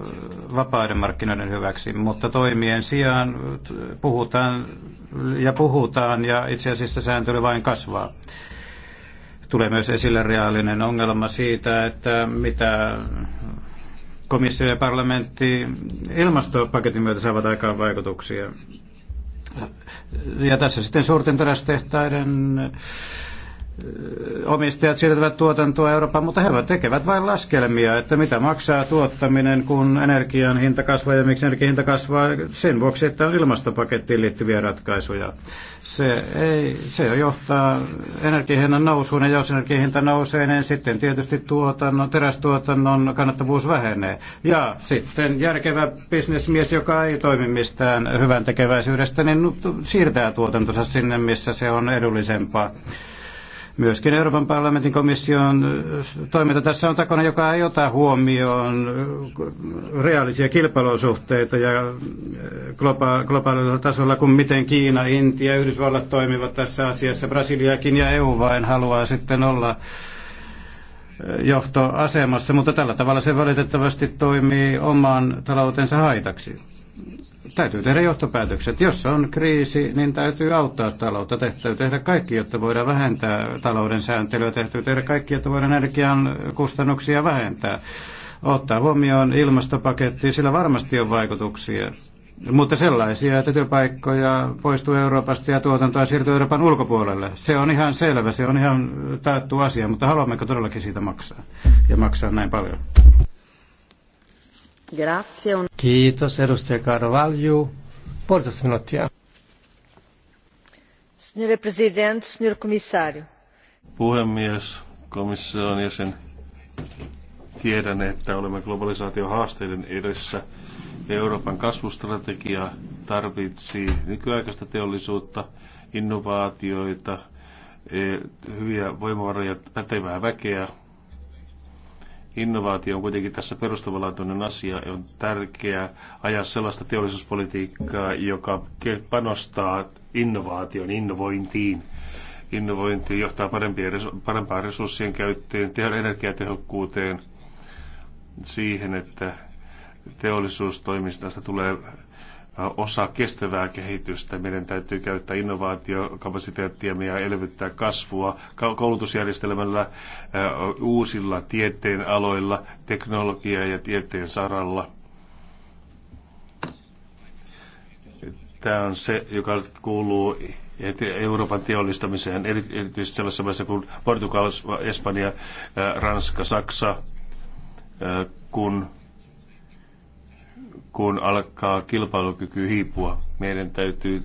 vapaiden markkinoiden hyväksi, mutta toimien sijaan puhutaan ja puhutaan ja itse asiassa sääntely vain kasvaa. Tulee myös esille reaalinen ongelma siitä, että mitä komissio ja parlamentti ilmastopaketin myötä saavat aikaan vaikutuksia. Ja tässä sitten suurten terästehtaiden omistajat siirtävät tuotantoa Eurooppaan, mutta he tekevät vain laskelmia, että mitä maksaa tuottaminen, kun energian hinta kasvaa ja miksi energian hinta kasvaa sen vuoksi, että on ilmastopakettiin liittyviä ratkaisuja. Se, ei, se johtaa energiahinnan nousuun ja jos energiahinta nousee, niin sitten tietysti tuotannon, terästuotannon kannattavuus vähenee. Ja sitten järkevä bisnesmies, joka ei toimi mistään hyvän tekeväisyydestä, niin siirtää tuotantonsa sinne, missä se on edullisempaa. Myöskin Euroopan parlamentin komission toiminta tässä on takana, joka ei ota huomioon reaalisia kilpailusuhteita ja globaalilla tasolla, kuin miten Kiina, Intia ja Yhdysvallat toimivat tässä asiassa. Brasiliakin ja EU vain haluaa sitten olla johtoasemassa, mutta tällä tavalla se valitettavasti toimii oman taloutensa haitaksi täytyy tehdä johtopäätökset. Jos on kriisi, niin täytyy auttaa taloutta. Täytyy tehdä kaikki, jotta voidaan vähentää talouden sääntelyä. Täytyy tehdä kaikki, jotta voidaan energian kustannuksia vähentää. Ottaa huomioon ilmastopaketti, sillä varmasti on vaikutuksia. Mutta sellaisia, että työpaikkoja poistuu Euroopasta ja tuotantoa siirtyy Euroopan ulkopuolelle. Se on ihan selvä, se on ihan taattu asia, mutta haluammeko todellakin siitä maksaa? Ja maksaa näin paljon? Grazie. Kiitos edustaja Carvalho. Puolitoista minuuttia. Signore Presidente, signor Commissario. Puhemies, komission jäsen, tiedän, että olemme globalisaation haasteiden edessä. Euroopan kasvustrategia tarvitsee nykyaikaista teollisuutta, innovaatioita, eh, hyviä voimavaroja, pätevää väkeä, Innovaatio on kuitenkin tässä perustavanlaatuinen asia. On tärkeää ajaa sellaista teollisuuspolitiikkaa, joka panostaa innovaation, innovointiin. Innovointi johtaa parempaan resurssien käyttöön, energiatehokkuuteen, siihen, että teollisuustoiminnasta tulee osa kestävää kehitystä. Meidän täytyy käyttää innovaatiokapasiteettia ja elvyttää kasvua koulutusjärjestelmällä, uusilla tieteen aloilla, teknologia- ja tieteen saralla. Tämä on se, joka kuuluu Euroopan teollistamiseen, erityisesti sellaisessa maissa kuin Portugal, Espanja, Ranska, Saksa, kun kun alkaa kilpailukyky hiipua. Meidän täytyy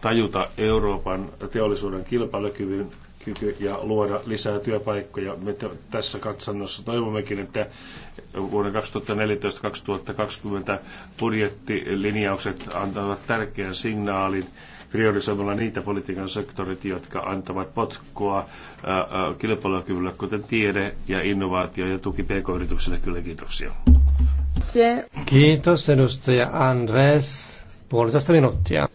tajuta Euroopan teollisuuden kilpailukyvyn kyky ja luoda lisää työpaikkoja. Me tässä katsannossa toivommekin, että vuoden 2014-2020 budjettilinjaukset antavat tärkeän signaalin priorisoimalla niitä politiikan sektorit, jotka antavat potkua kilpailukyvylle, kuten tiede ja innovaatio ja tuki pk-yrityksille. Kyllä kiitoksia. Grazie. Kiitos edustaja Andres. Puolitoista minuuttia.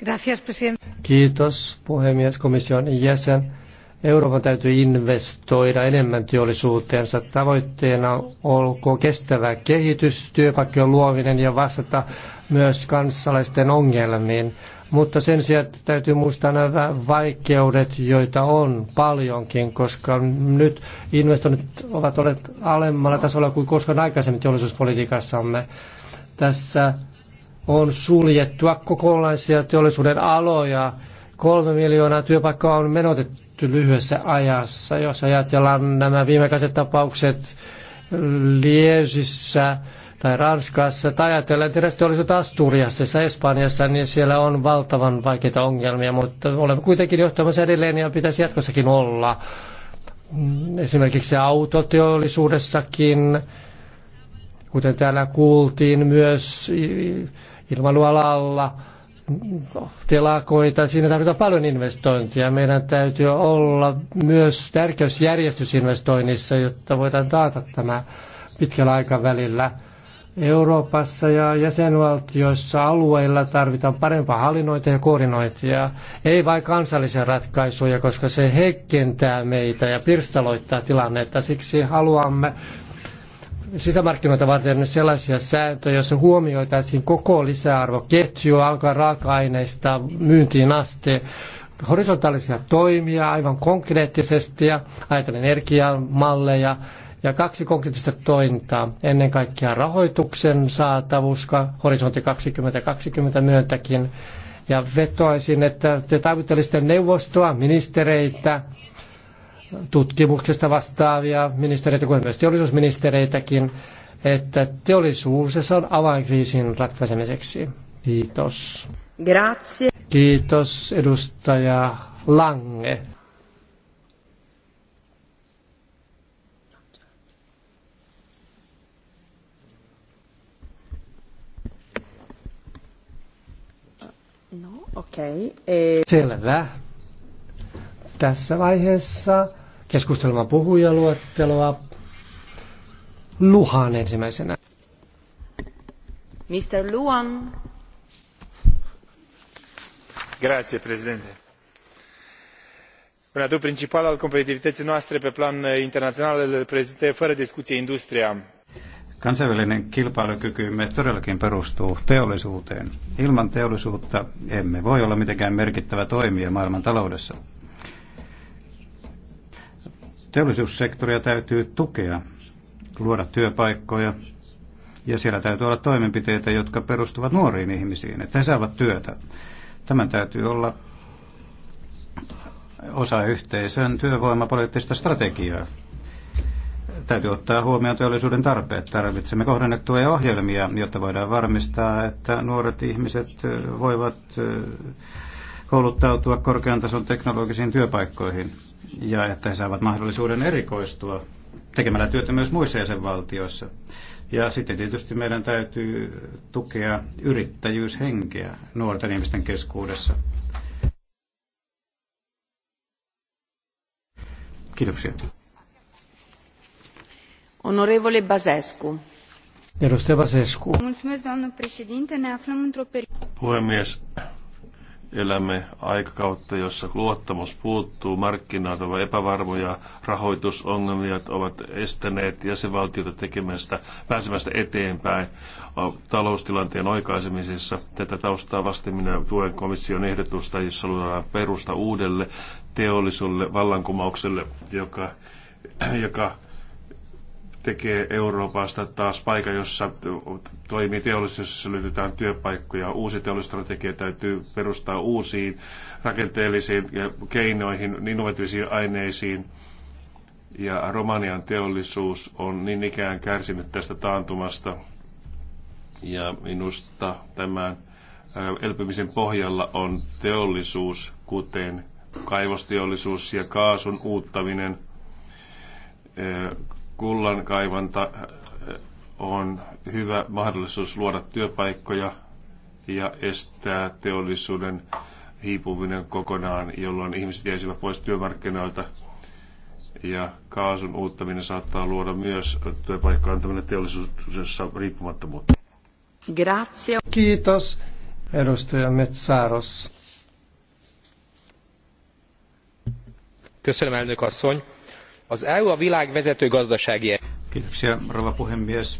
Gracias, presidente. Kiitos puhemies komission jäsen. Euroopan täytyy investoida enemmän teollisuuteensa. Tavoitteena olko kestävä kehitys, työpaikkojen luominen ja vastata myös kansalaisten ongelmiin. Mutta sen sijaan täytyy muistaa nämä vaikeudet, joita on paljonkin, koska nyt investoinnit ovat olleet alemmalla tasolla kuin koskaan aikaisemmin teollisuuspolitiikassamme. Tässä on suljettua kokonaisia teollisuuden aloja. Kolme miljoonaa työpaikkaa on menotettu lyhyessä ajassa. Jos ajatellaan nämä viimekäiset tapaukset Liesissä, tai Ranskassa, tai ajatellaan terästeollisuutta Asturiassa, Espanjassa, niin siellä on valtavan vaikeita ongelmia, mutta olemme kuitenkin johtamassa edelleen ja pitäisi jatkossakin olla. Esimerkiksi autoteollisuudessakin, kuten täällä kuultiin, myös ilmailualalla, telakoita, siinä tarvitaan paljon investointia. Meidän täytyy olla myös tärkeysjärjestys jotta voidaan taata tämä pitkällä aikavälillä. Euroopassa ja jäsenvaltioissa alueilla tarvitaan parempaa hallinnointia ja koordinointia, ei vain kansallisia ratkaisuja, koska se heikentää meitä ja pirstaloittaa tilannetta. Siksi haluamme sisämarkkinoita varten sellaisia sääntöjä, joissa huomioitaisiin koko lisäarvoketju alkaa raaka-aineista myyntiin asti, horisontaalisia toimia aivan konkreettisesti ja ajatellen energiamalleja, malleja ja kaksi konkreettista tointa. Ennen kaikkea rahoituksen saatavuus horisontti 2020 myöntäkin. Ja vetoaisin, että te tarvittelisitte neuvostoa, ministereitä, tutkimuksesta vastaavia ministereitä, kuten myös teollisuusministereitäkin, että teollisuus on avainkriisin ratkaisemiseksi. Kiitos. Grazie. Kiitos edustaja Lange. Okei. Okay. Eh, Selvä. Tässä vaiheessa keskustelman puhujaluetteloa Luhan ensimmäisenä. Mr. Luan. Grazie, Presidente. Un atu principal al competitivității noastre pe plan internațional îl reprezintă fără discuție industria Kansainvälinen kilpailukykymme todellakin perustuu teollisuuteen. Ilman teollisuutta emme voi olla mitenkään merkittävä toimija maailman taloudessa. Teollisuussektoria täytyy tukea, luoda työpaikkoja ja siellä täytyy olla toimenpiteitä, jotka perustuvat nuoriin ihmisiin, että he saavat työtä. Tämän täytyy olla osa yhteisön työvoimapoliittista strategiaa. Täytyy ottaa huomioon teollisuuden tarpeet. Tarvitsemme kohdennettuja ohjelmia, jotta voidaan varmistaa, että nuoret ihmiset voivat kouluttautua korkean tason teknologisiin työpaikkoihin ja että he saavat mahdollisuuden erikoistua tekemällä työtä myös muissa jäsenvaltioissa. Ja sitten tietysti meidän täytyy tukea yrittäjyyshenkeä nuorten ihmisten keskuudessa. Kiitoksia. Ne Puhemies, elämme aikakautta, jossa luottamus puuttuu, markkinat ovat epävarmoja, rahoitusongelmat ovat estäneet jäsenvaltioita tekemästä, pääsemästä eteenpäin taloustilanteen oikaisemisessa. Tätä taustaa vasten minä tuen komission ehdotusta, jossa luodaan perusta uudelle teollisuudelle vallankumoukselle, joka, joka tekee Euroopasta taas paikan, jossa toimii teollisuus, jossa löydetään työpaikkoja. Uusi teollisuusstrategia täytyy perustaa uusiin rakenteellisiin keinoihin, innovatiivisiin aineisiin. Ja Romanian teollisuus on niin ikään kärsinyt tästä taantumasta. Ja minusta tämän äh, elpymisen pohjalla on teollisuus, kuten kaivosteollisuus ja kaasun uuttaminen äh, – kullankaivanta eh, on hyvä mahdollisuus luoda työpaikkoja ja estää teollisuuden hiipuminen kokonaan, jolloin ihmiset jäisivät pois työmarkkinoilta. Ja kaasun uuttaminen saattaa luoda myös työpaikkoja antaminen teollisuudessa riippumattomuutta. Grazie. Kiitos, edustaja Metsaros. Köszönöm, elnök asszony Az EU a világ vezető gazdasági... Kiitoksia, rouva puhemies.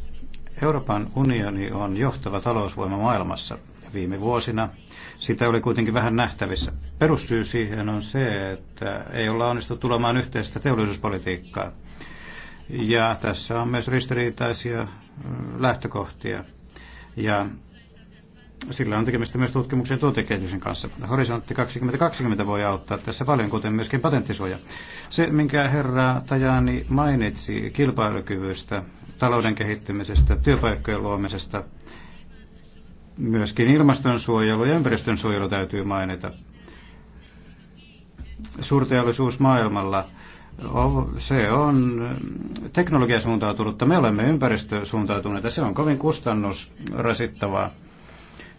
Euroopan unioni on johtava talousvoima maailmassa viime vuosina. Sitä oli kuitenkin vähän nähtävissä. Perustyy siihen on se, että ei olla onnistuttu tulemaan yhteistä teollisuuspolitiikkaa. Ja tässä on myös ristiriitaisia mm, lähtökohtia. Ja sillä on tekemistä myös tutkimuksen ja tuotekehityksen kanssa. Horisontti 2020 voi auttaa tässä paljon, kuten myöskin patenttisuoja. Se, minkä herra Tajani mainitsi kilpailukyvystä, talouden kehittymisestä, työpaikkojen luomisesta, myöskin ilmastonsuojelu ja ympäristönsuojelu täytyy mainita. Suurteollisuus maailmalla se on teknologiasuuntautunutta. Me olemme ympäristösuuntautuneita. Se on kovin kustannusrasittavaa.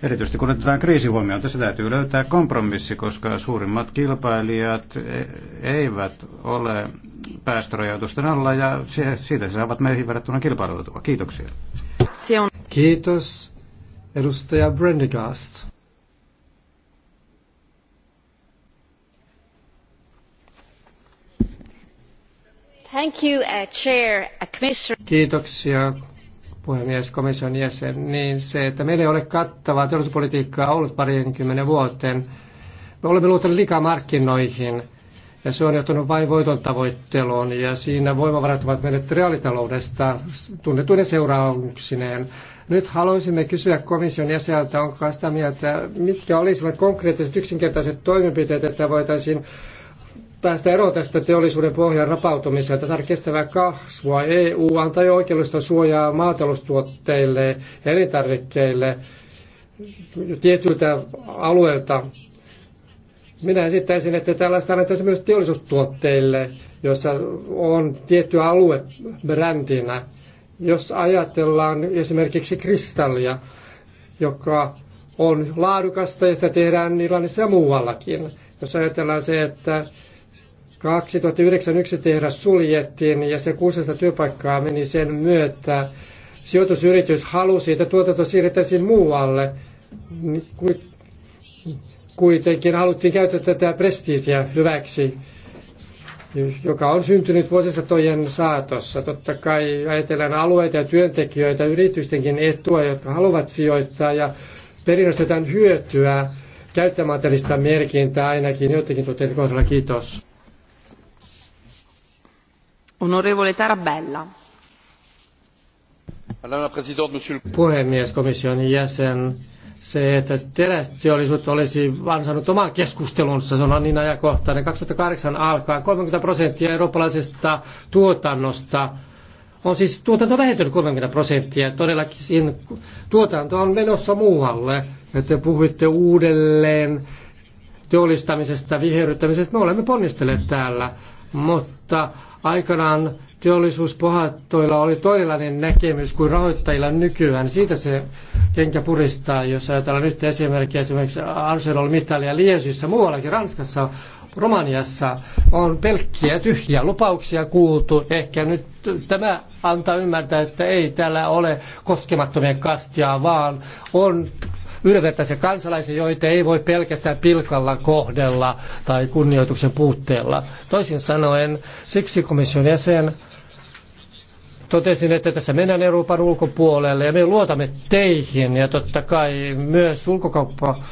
Erityisesti kun otetaan kriisi huomioon, tässä täytyy löytää kompromissi, koska suurimmat kilpailijat e- eivät ole päästörajoitusten alla ja siitä se saavat meihin verrattuna kilpailuetua. Kiitoksia. Se on. Kiitos. Edustaja Brendegast. Thank you, uh, chair, uh, commissioner. Kiitoksia puhemies, komission jäsen, niin se, että meillä ei ole kattavaa teollisuuspolitiikkaa ollut parinkymmenen vuoteen. Me olemme luottaneet liikaa markkinoihin ja se on johtunut vain voiton tavoitteluun ja siinä voimavarat ovat menneet reaalitaloudesta tunnetuinen seurauksineen. Nyt haluaisimme kysyä komission jäseneltä, onko sitä mieltä, mitkä olisivat konkreettiset yksinkertaiset toimenpiteet, että voitaisiin päästä eroon tästä teollisuuden pohjan rapautumisesta, saada kestävää kasvua. EU antaa jo oikeudellista suojaa maataloustuotteille ja elintarvikkeille tietyiltä alueilta. Minä esittäisin, että tällaista annettaisiin myös teollisuustuotteille, jossa on tietty alue brändinä. Jos ajatellaan esimerkiksi kristallia, joka on laadukasta ja sitä tehdään Irlannissa ja muuallakin. Jos ajatellaan se, että 2009 yksi tehdas suljettiin ja se 600 työpaikkaa meni sen myötä. Sijoitusyritys halusi, että tuotanto siirrettäisiin muualle. Kuitenkin haluttiin käyttää tätä prestiisiä hyväksi, joka on syntynyt vuosisatojen saatossa. Totta kai ajatellaan alueita ja työntekijöitä, yritystenkin etua, jotka haluavat sijoittaa ja perinnöstä hyötyä käyttämateriaalista merkintää ainakin joidenkin tuotteiden kohdalla. Kiitos. Puhemies, komission jäsen, se, että terästeollisuus olisi ansainnut oman keskustelunsa, se on niin ajankohtainen. 2008 alkaa 30 prosenttia eurooppalaisesta tuotannosta on siis tuotanto vähentynyt 30 prosenttia. Todellakin tuotanto on menossa muualle. Ja te puhuitte uudelleen teollistamisesta, viherryttämisestä. Me olemme ponnistelleet täällä, mutta Aikanaan teollisuuspohattoilla oli toillainen näkemys kuin rahoittajilla nykyään. Siitä se kenkä puristaa, jos ajatellaan nyt esimerkkiä esimerkiksi ArcelorMittal ja Liesissä, muuallakin Ranskassa, Romaniassa on pelkkiä tyhjiä lupauksia kuultu. Ehkä nyt tämä antaa ymmärtää, että ei täällä ole koskemattomia kastia, vaan on yhdenvertaisia kansalaisia, joita ei voi pelkästään pilkalla kohdella tai kunnioituksen puutteella. Toisin sanoen, siksi komission jäsen totesin, että tässä mennään Euroopan ulkopuolelle ja me luotamme teihin ja totta kai myös ulkokauppa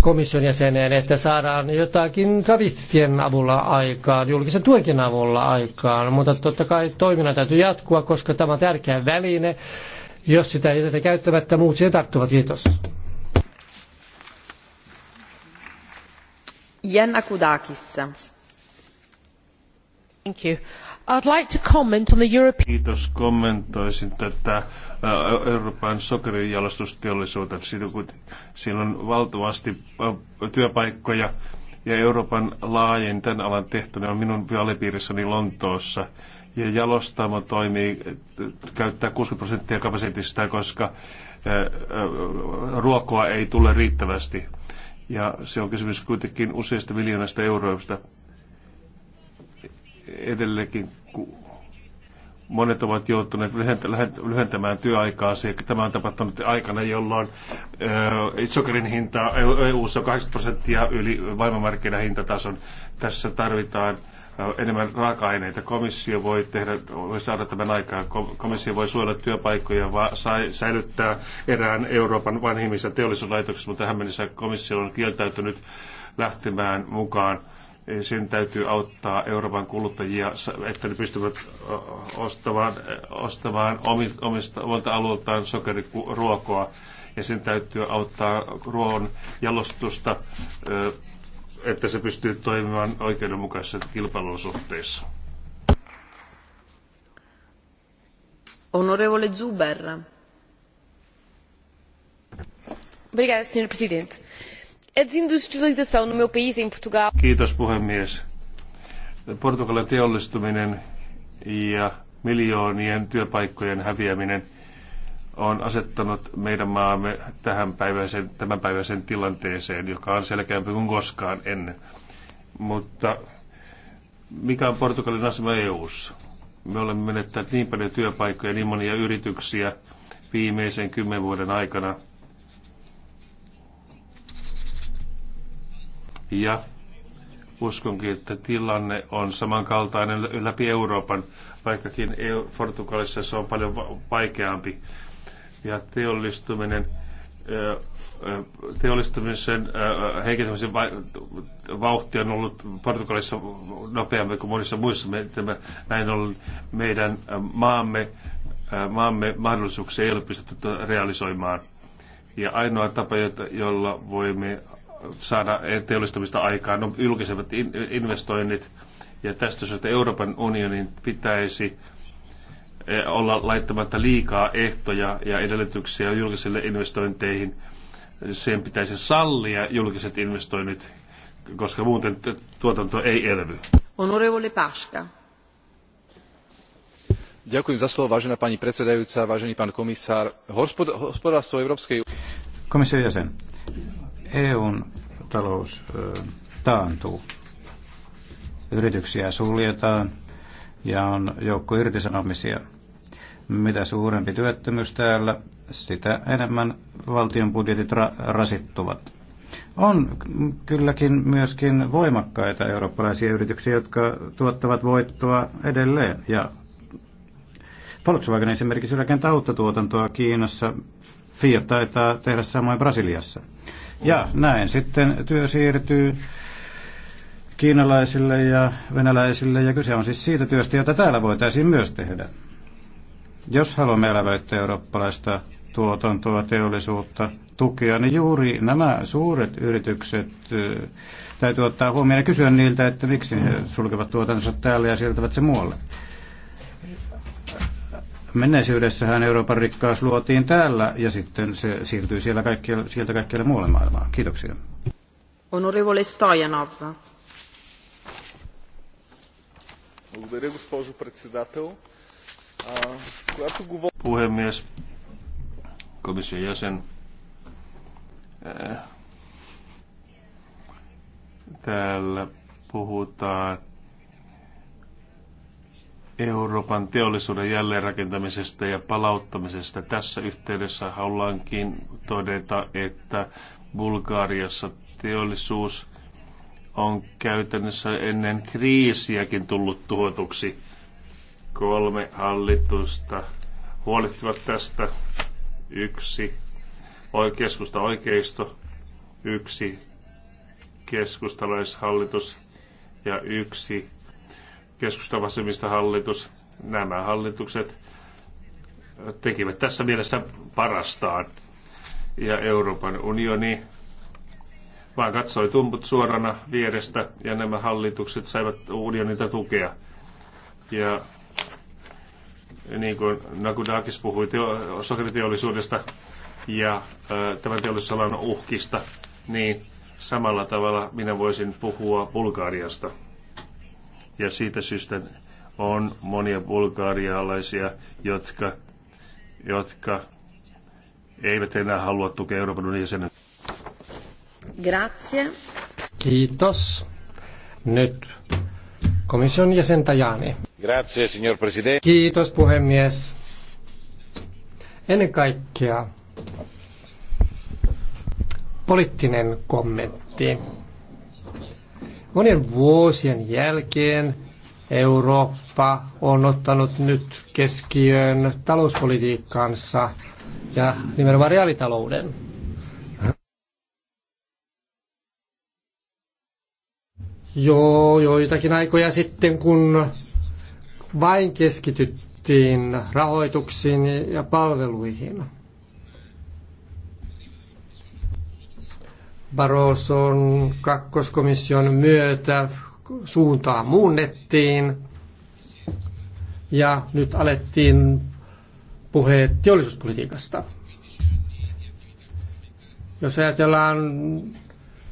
komission jäseneen, että saadaan jotakin tavistien avulla aikaan, julkisen tuenkin avulla aikaan, mutta totta kai toiminnan täytyy jatkua, koska tämä on tärkeä väline jos sitä ei jätetä käyttämättä, muut siihen tarttuvat. Kiitos. Jenna Kudakis. Thank you. I'd like to comment on the European... Kiitos. Kommentoisin tätä Euroopan sokerijalostusteollisuutta. Siinä on valtavasti työpaikkoja ja Euroopan laajin tämän alan tehtävä on minun vialepiirissäni Lontoossa – jalostamo toimii, käyttää 60 prosenttia kapasiteetista, koska ruokoa ei tule riittävästi. Ja se on kysymys kuitenkin useista miljoonasta euroista. Edelleenkin monet ovat joutuneet lyhentämään työaikaa. Tämä on tapahtunut aikana, jolloin sokerin hinta EU on 80 prosenttia yli maailmanmarkkinahintatason. Tässä tarvitaan enemmän raaka-aineita. Komissio voi, tehdä, voi saada tämän aikaa. Komissio voi suojella työpaikkoja va, sai, säilyttää erään Euroopan vanhimmissa teollisuuslaitoksissa, mutta tähän mennessä komissio on kieltäytynyt lähtemään mukaan. Sen täytyy auttaa Euroopan kuluttajia, että ne pystyvät ostamaan, ostamaan omista, omista omalta alueeltaan sokeriruokoa. Ja sen täytyy auttaa ruoan jalostusta että se pystyy toimimaan oikeudenmukaisissa kilpailusuhteissa. Onorevole Zuber. Obrigada, Sr. Presidente. A desindustrialização no meu país, em Portugal... Kiitos, puhemies. Portugalin teollistuminen ja miljoonien työpaikkojen häviäminen – on asettanut meidän maamme tähän tämän päiväisen tilanteeseen, joka on selkeämpi kuin koskaan ennen. Mutta mikä on Portugalin asema EU:ssa? Me olemme menettäneet niin paljon työpaikkoja, niin monia yrityksiä viimeisen kymmenen vuoden aikana. Ja uskonkin, että tilanne on samankaltainen läpi Euroopan, vaikkakin e Portugalissa se on paljon vaikeampi ja teollistuminen teollistumisen heikentymisen vauhti on ollut Portugalissa nopeampi kuin monissa muissa. Näin ollen meidän maamme, maamme mahdollisuuksia ei ole pystytty realisoimaan. Ja ainoa tapa, jolla voimme saada teollistumista aikaan, on julkiset investoinnit. Ja tästä syystä Euroopan unionin pitäisi Eh, olla laittamatta liikaa ehtoja ja edellytyksiä julkisille investointeihin. Sen pitäisi sallia julkiset investoinnit, koska muuten tuotanto ei elvy. Honorevole Paska. Ďakujem za slovo, vážená pani predsedajúca, vážený pán komisár. Hospodárstvo Európskej... Komission jäsen. EUn talous e, taantuu. Yrityksiä suljetaan ja on joukko irtisanomisia. Mitä suurempi työttömyys täällä, sitä enemmän valtion budjetit ra- rasittuvat. On kylläkin myöskin voimakkaita eurooppalaisia yrityksiä, jotka tuottavat voittoa edelleen. Ja Volkswagen esimerkiksi rakentaa uutta tuotantoa Kiinassa, Fiat taitaa tehdä samoin Brasiliassa. Ja näin sitten työ siirtyy kiinalaisille ja venäläisille, ja kyse on siis siitä työstä, jota täällä voitaisiin myös tehdä. Jos haluamme elävöittää eurooppalaista tuotantoa, teollisuutta, tukea, niin juuri nämä suuret yritykset eh, täytyy ottaa huomioon ja kysyä niiltä, että miksi he sulkevat tuotantonsa täällä ja siirtävät se muualle. Menneisyydessähän Euroopan rikkaus luotiin täällä ja sitten se siirtyy siellä kaikkialle, sieltä kaikkialle muualle maailmaan. Kiitoksia. Onorevole Stojanov. Благодаря, госпожо председател. Puhemies, komission jäsen. Täällä puhutaan Euroopan teollisuuden jälleenrakentamisesta ja palauttamisesta. Tässä yhteydessä haluankin todeta, että Bulgaariassa teollisuus on käytännössä ennen kriisiäkin tullut tuotuksi Kolme hallitusta huolehtivat tästä. Yksi keskusta oikeisto, yksi keskustalaishallitus ja yksi keskustavasemmista hallitus. Nämä hallitukset tekivät tässä mielessä parastaan. Ja Euroopan unioni vaan katsoi tumput suorana vierestä ja nämä hallitukset saivat unionilta tukea. Ja niin kuin Nakudakis puhui teo, sokeriteollisuudesta ja ö, tämän teollisuusalan uhkista, niin samalla tavalla minä voisin puhua Bulgariasta. Ja siitä syystä on monia bulgarialaisia, jotka, jotka eivät enää halua tukea Euroopan unionin Grazie. Kiitos. Nyt komission jäsentä Jaani. Grazie, Kiitos puhemies. Ennen kaikkea poliittinen kommentti. Monien vuosien jälkeen Eurooppa on ottanut nyt keskiöön talouspolitiikkaansa ja nimenomaan reaalitalouden. Joo, joitakin aikoja sitten, kun vain keskityttiin rahoituksiin ja palveluihin. Barroson kakkoskomission myötä suuntaa muunnettiin ja nyt alettiin puheet teollisuuspolitiikasta. Jos ajatellaan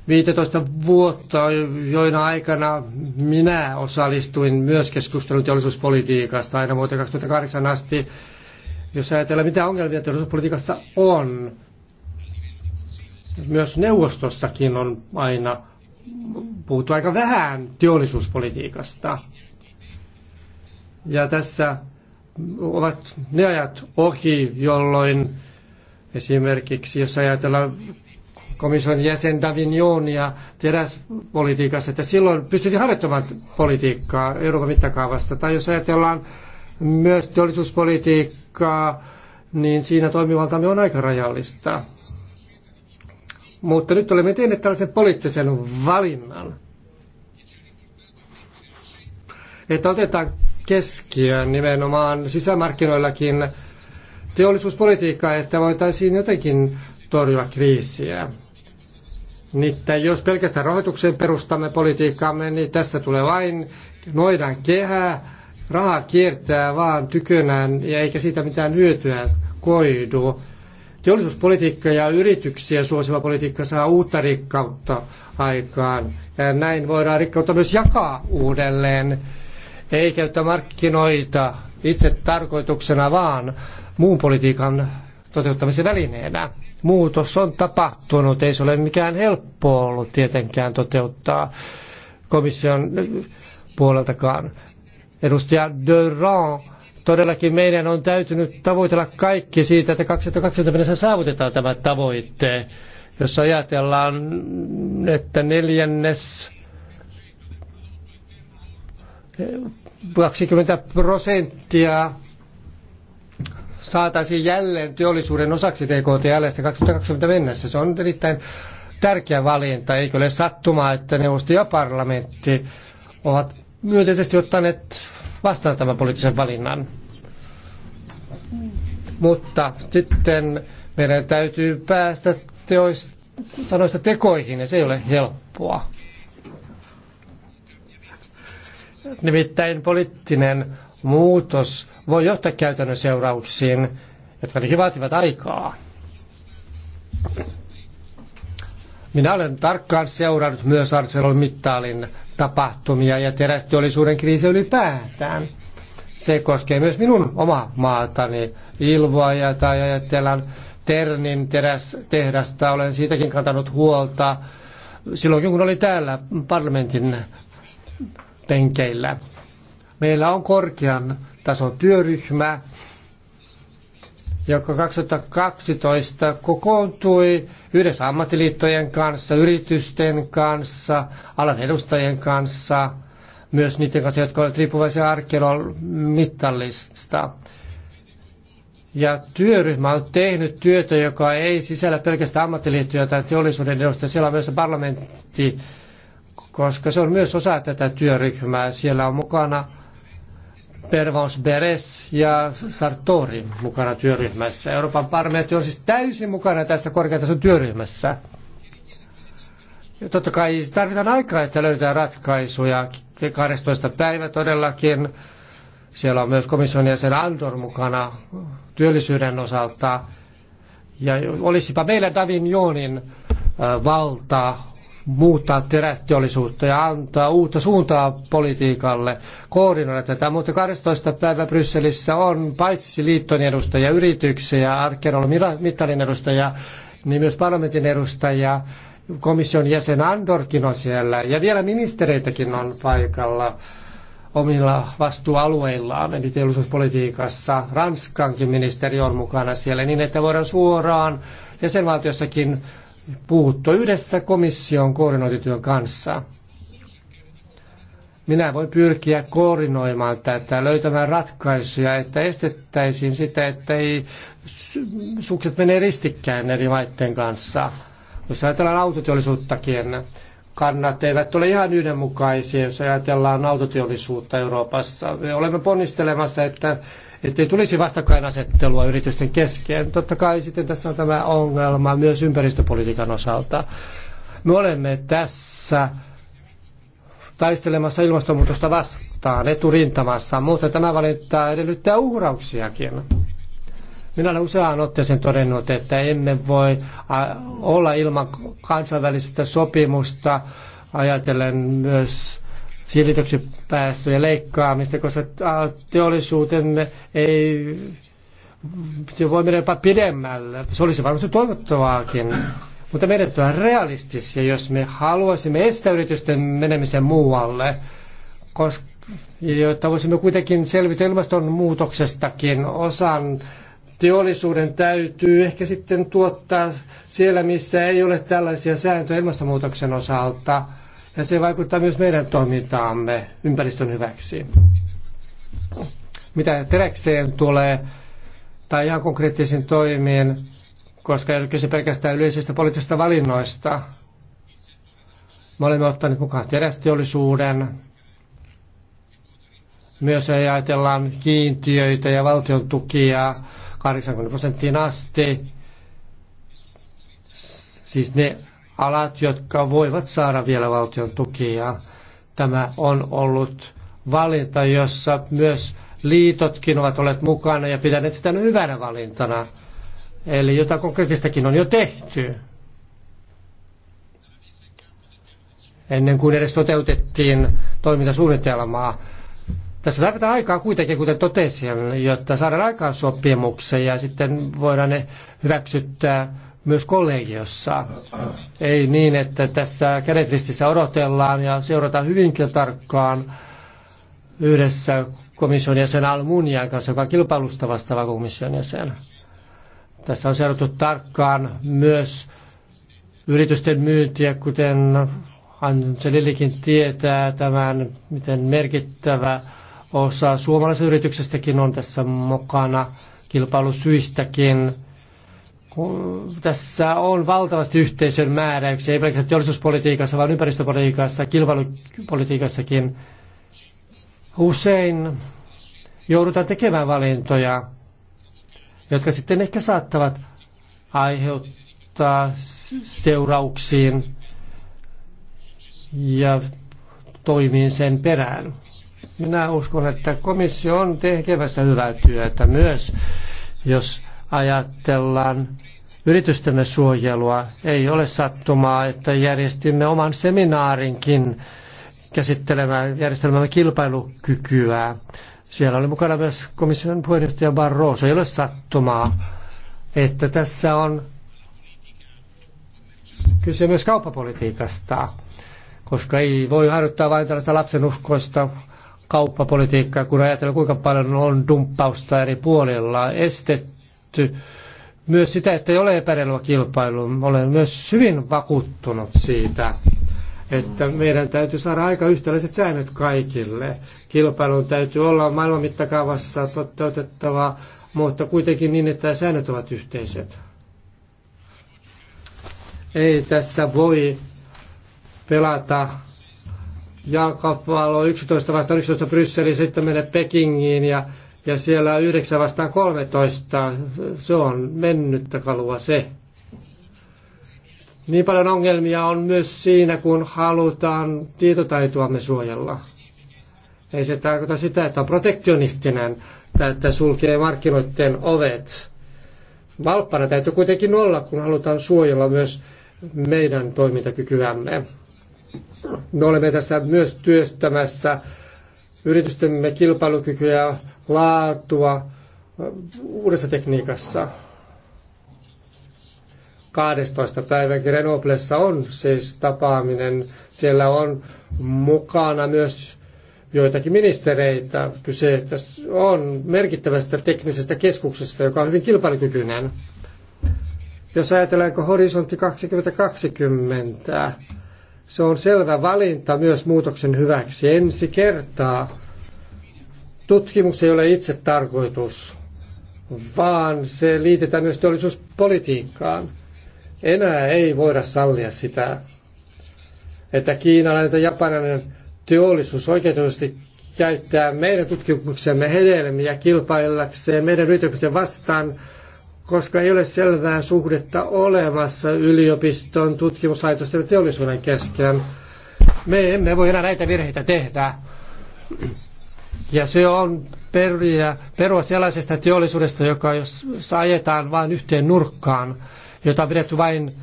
15 vuotta, joina aikana minä osallistuin myös keskustelun teollisuuspolitiikasta aina vuoteen 2008 asti. Jos ajatellaan, mitä ongelmia teollisuuspolitiikassa on, myös neuvostossakin on aina puhuttu aika vähän teollisuuspolitiikasta. Ja tässä ovat ne ajat ohi, jolloin esimerkiksi, jos ajatellaan komission jäsen ja teräspolitiikassa, että silloin pystyttiin harjoittamaan politiikkaa Euroopan mittakaavassa. Tai jos ajatellaan myös teollisuuspolitiikkaa, niin siinä toimivaltamme on aika rajallista. Mutta nyt olemme tehneet tällaisen poliittisen valinnan, että otetaan keskiöön nimenomaan sisämarkkinoillakin teollisuuspolitiikkaa, että voitaisiin jotenkin torjua kriisiä. Nimittäin jos pelkästään rahoitukseen perustamme politiikkaamme, niin tässä tulee vain noidan kehää. Raha kiertää vaan tykönään ja eikä siitä mitään hyötyä koidu. Teollisuuspolitiikka ja yrityksiä suosiva politiikka saa uutta rikkautta aikaan. Ja näin voidaan rikkautta myös jakaa uudelleen. Ei käytä markkinoita itse tarkoituksena, vaan muun politiikan toteuttamisen välineenä. Muutos on tapahtunut, ei se ole mikään helppo ollut tietenkään toteuttaa komission puoleltakaan. Edustaja Durand, todellakin meidän on täytynyt tavoitella kaikki siitä, että 2020 mennessä saavutetaan tämä tavoite. Jos ajatellaan, että neljännes 20 prosenttia saataisiin jälleen teollisuuden osaksi TKTLstä 2020 mennessä. Se on erittäin tärkeä valinta. Eikö ole sattumaa, että neuvosto ja parlamentti ovat myönteisesti ottaneet vastaan tämän poliittisen valinnan. Mutta sitten meidän täytyy päästä teoista, sanoista tekoihin, ja se ei ole helppoa. Nimittäin poliittinen muutos voi johtaa käytännön seurauksiin, jotka nekin vaativat aikaa. Minä olen tarkkaan seurannut myös Arcelon Mittaalin tapahtumia ja terästeollisuuden kriisi ylipäätään. Se koskee myös minun omaa maatani, Ilvoa ja tai ajatellaan Ternin terästehdasta. Olen siitäkin kantanut huolta Silloin kun oli täällä parlamentin penkeillä. Meillä on korkean tason työryhmä, joka 2012 kokoontui yhdessä ammattiliittojen kanssa, yritysten kanssa, alan edustajien kanssa, myös niiden kanssa, jotka olivat riippuvaisia arkeilon mittallista. Ja työryhmä on tehnyt työtä, joka ei sisällä pelkästään ammattiliittoja tai teollisuuden edustajia, siellä on myös parlamentti, koska se on myös osa tätä työryhmää. Siellä on mukana Pervaus Beres ja Sartori mukana työryhmässä. Euroopan parlamentti on siis täysin mukana tässä korkeatason työryhmässä. Ja totta kai tarvitaan aikaa, että löytää ratkaisuja. 12. päivä todellakin. Siellä on myös komission jäsen Andor mukana työllisyyden osalta. Ja olisipa meillä Davin Joonin valta muuttaa terästeollisuutta ja antaa uutta suuntaa politiikalle, koordinoida tätä. Mutta 12. päivä Brysselissä on paitsi liittojen edustajia, yrityksiä, arkeologin mittarin edustajia, niin myös parlamentin edustajia, komission jäsen Andorkin on siellä ja vielä ministereitäkin on paikalla omilla vastuualueillaan, eli teollisuuspolitiikassa. Ranskankin ministeri on mukana siellä niin, että voidaan suoraan jäsenvaltiossakin puhuttu yhdessä komission koordinointityön kanssa. Minä voin pyrkiä koordinoimaan tätä, löytämään ratkaisuja, että estettäisiin sitä, että ei sukset mene ristikkään eri maiden kanssa. Jos ajatellaan autoteollisuuttakin, kannat eivät ole ihan yhdenmukaisia, jos ajatellaan autoteollisuutta Euroopassa. Me olemme ponnistelemassa, että ettei tulisi vastakkainasettelua yritysten kesken. Totta kai sitten tässä on tämä ongelma myös ympäristöpolitiikan osalta. Me olemme tässä taistelemassa ilmastonmuutosta vastaan eturintamassa, mutta tämä valinta edellyttää uhrauksiakin. Minä olen useaan otteeseen todennut, että emme voi olla ilman kansainvälistä sopimusta ajatellen myös siirretyksi päästöjä leikkaamista, koska teollisuutemme ei se voi mennä jopa pidemmälle. Se olisi varmasti toivottavaakin, mutta meidän on realistisia, jos me haluaisimme estää yritysten menemisen muualle, koska, jotta voisimme kuitenkin selvitä ilmastonmuutoksestakin. Osan teollisuuden täytyy ehkä sitten tuottaa siellä, missä ei ole tällaisia sääntöjä ilmastonmuutoksen osalta – ja se vaikuttaa myös meidän toimintaamme ympäristön hyväksi. Mitä teräkseen tulee, tai ihan konkreettisiin toimiin, koska ei ole kyse pelkästään yleisistä poliittisista valinnoista. Me olemme ottaneet mukaan terästeollisuuden, myös ajatellaan kiintiöitä ja valtion tukia 80 prosenttiin asti. Siis ne alat, jotka voivat saada vielä valtion tukia. Tämä on ollut valinta, jossa myös liitotkin ovat olleet mukana ja pitäneet sitä hyvänä valintana. Eli jotain konkreettistakin on jo tehty. Ennen kuin edes toteutettiin toimintasuunnitelmaa. Tässä tarvitaan aikaa kuitenkin, kuten totesin, jotta saadaan aikaan sopimuksen ja sitten voidaan ne hyväksyttää myös kollegiossa. Ei niin, että tässä kädetristissä odotellaan ja seurataan hyvinkin tarkkaan yhdessä komission jäsen Almunian kanssa, joka on kilpailusta vastaava komission jäsen. Tässä on seurattu tarkkaan myös yritysten myyntiä, kuten Angelillikin tietää tämän, miten merkittävä osa suomalaisista yrityksestäkin on tässä mukana kilpailusyistäkin tässä on valtavasti yhteisön määräyksiä, ei pelkästään teollisuuspolitiikassa, vaan ympäristöpolitiikassa, kilpailupolitiikassakin. Usein joudutaan tekemään valintoja, jotka sitten ehkä saattavat aiheuttaa seurauksiin ja toimiin sen perään. Minä uskon, että komissio on tekemässä hyvää työtä myös, jos ajatellaan yritystemme suojelua. Ei ole sattumaa, että järjestimme oman seminaarinkin käsittelemään järjestelmämme kilpailukykyä. Siellä oli mukana myös komission puheenjohtaja Barroso. Ei ole sattumaa, että tässä on kyse myös kauppapolitiikasta, koska ei voi harjoittaa vain tällaista lapsenuskoista kauppapolitiikkaa, kun ajatellaan kuinka paljon on dumppausta eri puolilla estetty myös sitä, että ei ole epäreilua kilpailua. Olen myös hyvin vakuuttunut siitä, että meidän täytyy saada aika yhtäläiset säännöt kaikille. Kilpailun täytyy olla maailman mittakaavassa toteutettava, mutta kuitenkin niin, että säännöt ovat yhteiset. Ei tässä voi pelata jalkapalloa 11 vastaan 11 Brysseliin, sitten mennä Pekingiin ja ja siellä 9 vastaan 13, se on mennyttä kalua se. Niin paljon ongelmia on myös siinä, kun halutaan tietotaitoamme suojella. Ei se tarkoita sitä, että on protektionistinen tai että sulkee markkinoiden ovet. Valppana täytyy kuitenkin olla, kun halutaan suojella myös meidän toimintakykyämme. Me olemme tässä myös työstämässä yritystemme kilpailukykyä laatua uudessa tekniikassa. 12. päivä Grenoblessa on siis tapaaminen. Siellä on mukana myös joitakin ministereitä. Kyse on merkittävästä teknisestä keskuksesta, joka on hyvin kilpailukykyinen. Jos ajatellaanko horisontti 2020, se on selvä valinta myös muutoksen hyväksi ensi kertaa Tutkimus ei ole itse tarkoitus, vaan se liitetään myös teollisuuspolitiikkaan. Enää ei voida sallia sitä, että kiinalainen tai japanilainen teollisuus oikeutetusti käyttää meidän tutkimuksemme hedelmiä kilpaillakseen meidän yritysten vastaan, koska ei ole selvää suhdetta olemassa yliopiston, tutkimuslaitosten ja teollisuuden kesken. Me emme voi enää näitä virheitä tehdä. Ja se on peruja, perua sellaisesta teollisuudesta, joka jos ajetaan vain yhteen nurkkaan, jota on pidetty vain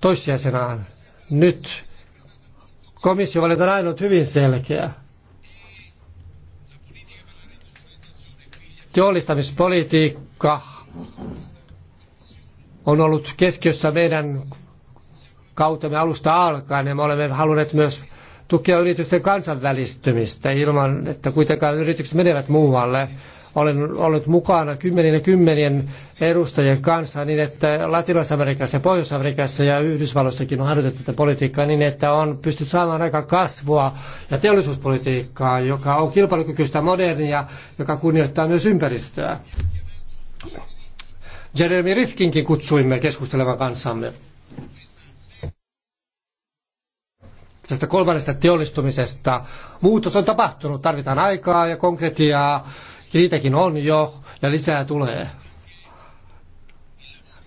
toissijaisenaan. Nyt komissio on ainut hyvin selkeä. Teollistamispolitiikka on ollut keskiössä meidän kautemme alusta alkaen ja me olemme halunneet myös tukea yritysten kansainvälistymistä ilman, että kuitenkaan yritykset menevät muualle. Olen ollut mukana kymmenien ja kymmenien edustajien kanssa niin, että Latinalais-Amerikassa ja Pohjois-Amerikassa ja Yhdysvalloissakin on harjoitettu tätä politiikkaa niin, että on pystytty saamaan aika kasvua ja teollisuuspolitiikkaa, joka on kilpailukykyistä modernia, joka kunnioittaa myös ympäristöä. Jeremy Rifkinkin kutsuimme keskustelevan kanssamme. tästä kolmannesta teollistumisesta. Muutos on tapahtunut, tarvitaan aikaa ja konkretiaa, ja niitäkin on jo, ja lisää tulee.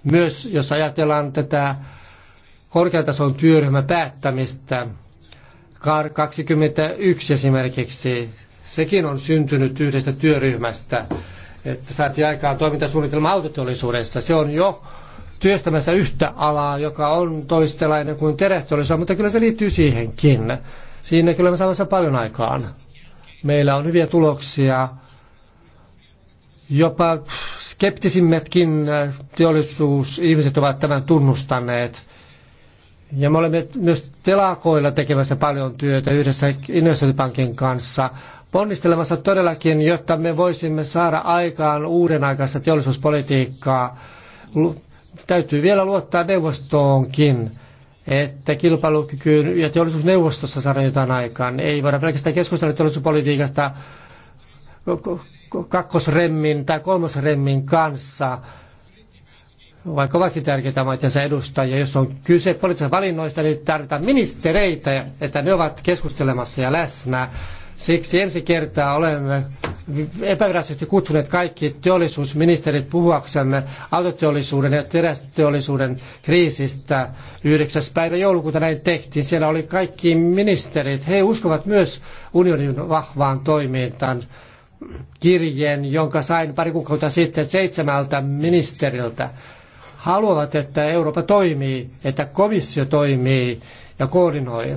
Myös jos ajatellaan tätä korkeatason työryhmän päättämistä, KAR 21 esimerkiksi, sekin on syntynyt yhdestä työryhmästä, että saatiin aikaan toimintasuunnitelma autoteollisuudessa. Se on jo työstämässä yhtä alaa, joka on toistelainen kuin terästöllisyys, mutta kyllä se liittyy siihenkin. Siinä kyllä me saamassa paljon aikaan. Meillä on hyviä tuloksia. Jopa skeptisimmätkin äh, ihmiset ovat tämän tunnustaneet. Ja me olemme myös telakoilla tekemässä paljon työtä yhdessä investointipankin kanssa, ponnistelemassa todellakin, jotta me voisimme saada aikaan uuden aikaista teollisuuspolitiikkaa, täytyy vielä luottaa neuvostoonkin, että kilpailukykyyn ja teollisuusneuvostossa saadaan jotain aikaan. Ei voida pelkästään keskustella teollisuuspolitiikasta kakkosremmin tai kolmosremmin kanssa, vaikka ovatkin tärkeitä maitensa edustajia. Jos on kyse poliittisista valinnoista, niin tarvitaan ministereitä, että ne ovat keskustelemassa ja läsnä. Siksi ensi kertaa olemme epävirallisesti kutsuneet kaikki teollisuusministerit puhuaksemme autoteollisuuden ja terästeollisuuden kriisistä. 9. päivä joulukuuta näin tehtiin. Siellä oli kaikki ministerit. He uskovat myös unionin vahvaan toimintaan kirjeen, jonka sain pari kuukautta sitten seitsemältä ministeriltä. Haluavat, että Eurooppa toimii, että komissio toimii ja koordinoi.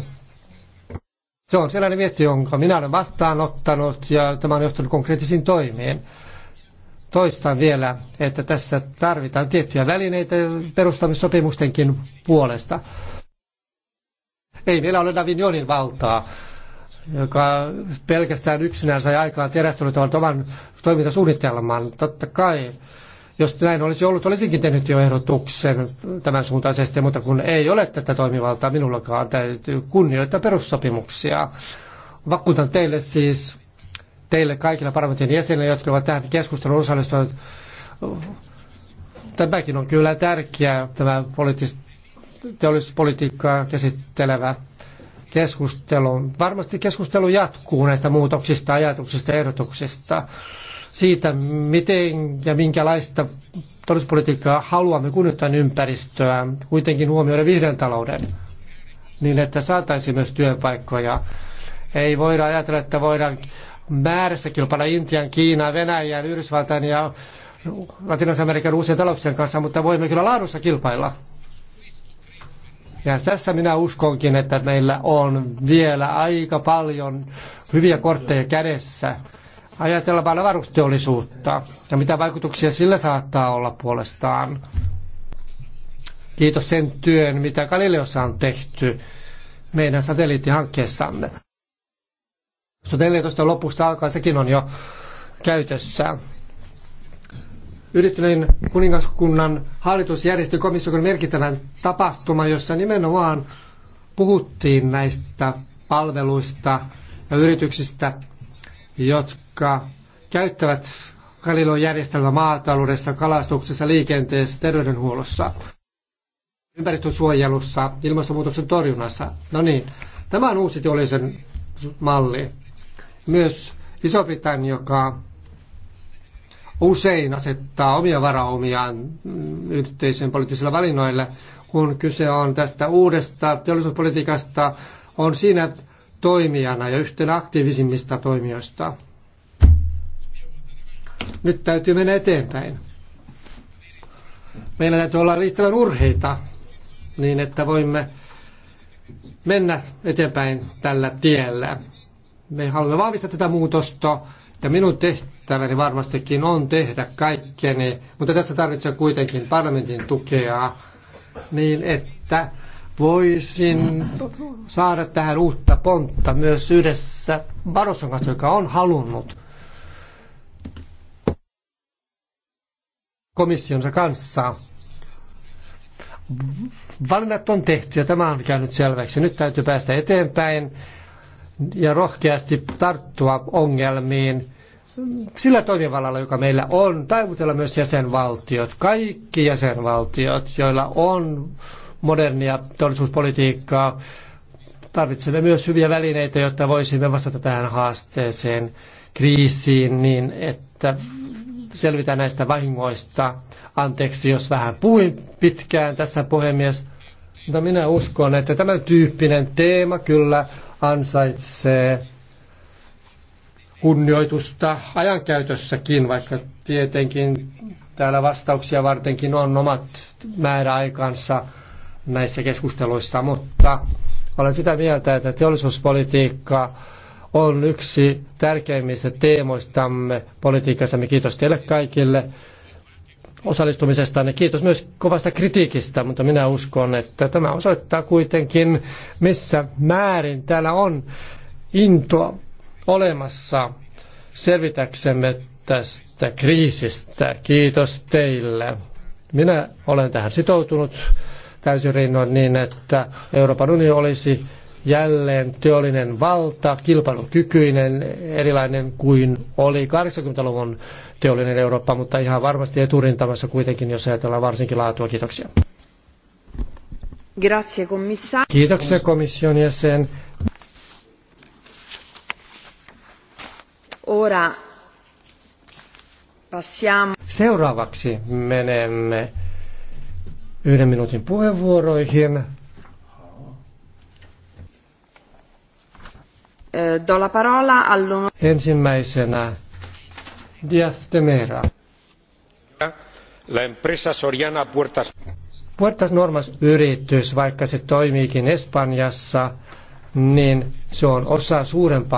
Se on sellainen viesti, jonka minä olen vastaanottanut ja tämä on johtanut konkreettisiin toimiin. Toistan vielä, että tässä tarvitaan tiettyjä välineitä perustamissopimustenkin puolesta. Ei meillä ole Davignonin valtaa, joka pelkästään yksinään sai aikaan terästelytavan oman toimintasuunnitelman. Totta kai jos näin olisi ollut, olisinkin tehnyt jo ehdotuksen tämän suuntaisesti, mutta kun ei ole tätä toimivaltaa minullakaan, täytyy kunnioittaa perussopimuksia. Vakuutan teille siis, teille kaikille parlamentin jäsenille, jotka ovat tähän keskusteluun osallistuneet, tämäkin on kyllä tärkeä tämä poliittis- teollisuuspolitiikkaa käsittelevä keskustelu. Varmasti keskustelu jatkuu näistä muutoksista, ajatuksista, ehdotuksista siitä, miten ja minkälaista talouspolitiikkaa haluamme kunnioittaa ympäristöä, kuitenkin huomioida vihreän talouden, niin että saataisiin myös työpaikkoja. Ei voida ajatella, että voidaan määrässä kilpailla Intian, Kiinan, Venäjän, Yhdysvaltain ja Latinalais-Amerikan uusien talouksien kanssa, mutta voimme kyllä laadussa kilpailla. Ja tässä minä uskonkin, että meillä on vielä aika paljon hyviä kortteja kädessä. Ajatellaan avaruusteollisuutta ja mitä vaikutuksia sillä saattaa olla puolestaan. Kiitos sen työn, mitä Galileossa on tehty meidän satelliittihankkeessamme. 2014 lopusta alkaen sekin on jo käytössä. Yhdistyneen kuningaskunnan hallitus järjesti komission merkittävän tapahtuma, jossa nimenomaan puhuttiin näistä palveluista ja yrityksistä, jotka jotka käyttävät Galileon järjestelmä maataloudessa, kalastuksessa, liikenteessä, terveydenhuollossa, ympäristönsuojelussa, ilmastonmuutoksen torjunnassa. No niin, tämä on uusi teollisen malli. Myös Iso-Britannia, joka usein asettaa omia varaumiaan yhteisön poliittisilla valinnoille, kun kyse on tästä uudesta teollisuuspolitiikasta, on siinä toimijana ja yhtenä aktiivisimmista toimijoista. Nyt täytyy mennä eteenpäin. Meillä täytyy olla riittävän urheita niin, että voimme mennä eteenpäin tällä tiellä. Me haluamme vahvistaa tätä muutosta ja minun tehtäväni varmastikin on tehdä kaikkeni, mutta tässä tarvitsee kuitenkin parlamentin tukea niin, että voisin saada tähän uutta pontta myös yhdessä Barosson kanssa, joka on halunnut komissionsa kanssa. Valinnat on tehty ja tämä on käynyt selväksi. Nyt täytyy päästä eteenpäin ja rohkeasti tarttua ongelmiin sillä toimivallalla, joka meillä on, taivutella myös jäsenvaltiot, kaikki jäsenvaltiot, joilla on modernia teollisuuspolitiikkaa. Tarvitsemme myös hyviä välineitä, jotta voisimme vastata tähän haasteeseen, kriisiin, niin että selvitä näistä vahingoista. Anteeksi, jos vähän puhuin pitkään tässä puhemies, mutta no, minä uskon, että tämä tyyppinen teema kyllä ansaitsee kunnioitusta ajankäytössäkin, vaikka tietenkin täällä vastauksia vartenkin on omat määräaikansa näissä keskusteluissa, mutta olen sitä mieltä, että teollisuuspolitiikka on yksi tärkeimmistä teemoistamme politiikassamme. Kiitos teille kaikille osallistumisestanne. Kiitos myös kovasta kritiikistä, mutta minä uskon, että tämä osoittaa kuitenkin, missä määrin täällä on intoa olemassa selvitäksemme tästä kriisistä. Kiitos teille. Minä olen tähän sitoutunut täysin rinnoin niin, että Euroopan unioni olisi jälleen teollinen valta, kilpailukykyinen, erilainen kuin oli 80-luvun teollinen Eurooppa, mutta ihan varmasti eturintamassa kuitenkin, jos ajatellaan varsinkin laatua. Kiitoksia. Grazie, Kiitoksia komission jäsen. Ora passiamo. Seuraavaksi menemme yhden minuutin puheenvuoroihin. Eh, do la parola Ensimmäisenä Diaz de Mera. La empresa Soriana Puertas... Puertas Normas yritys, vaikka se toimiikin Espanjassa, niin se on osa suurempaa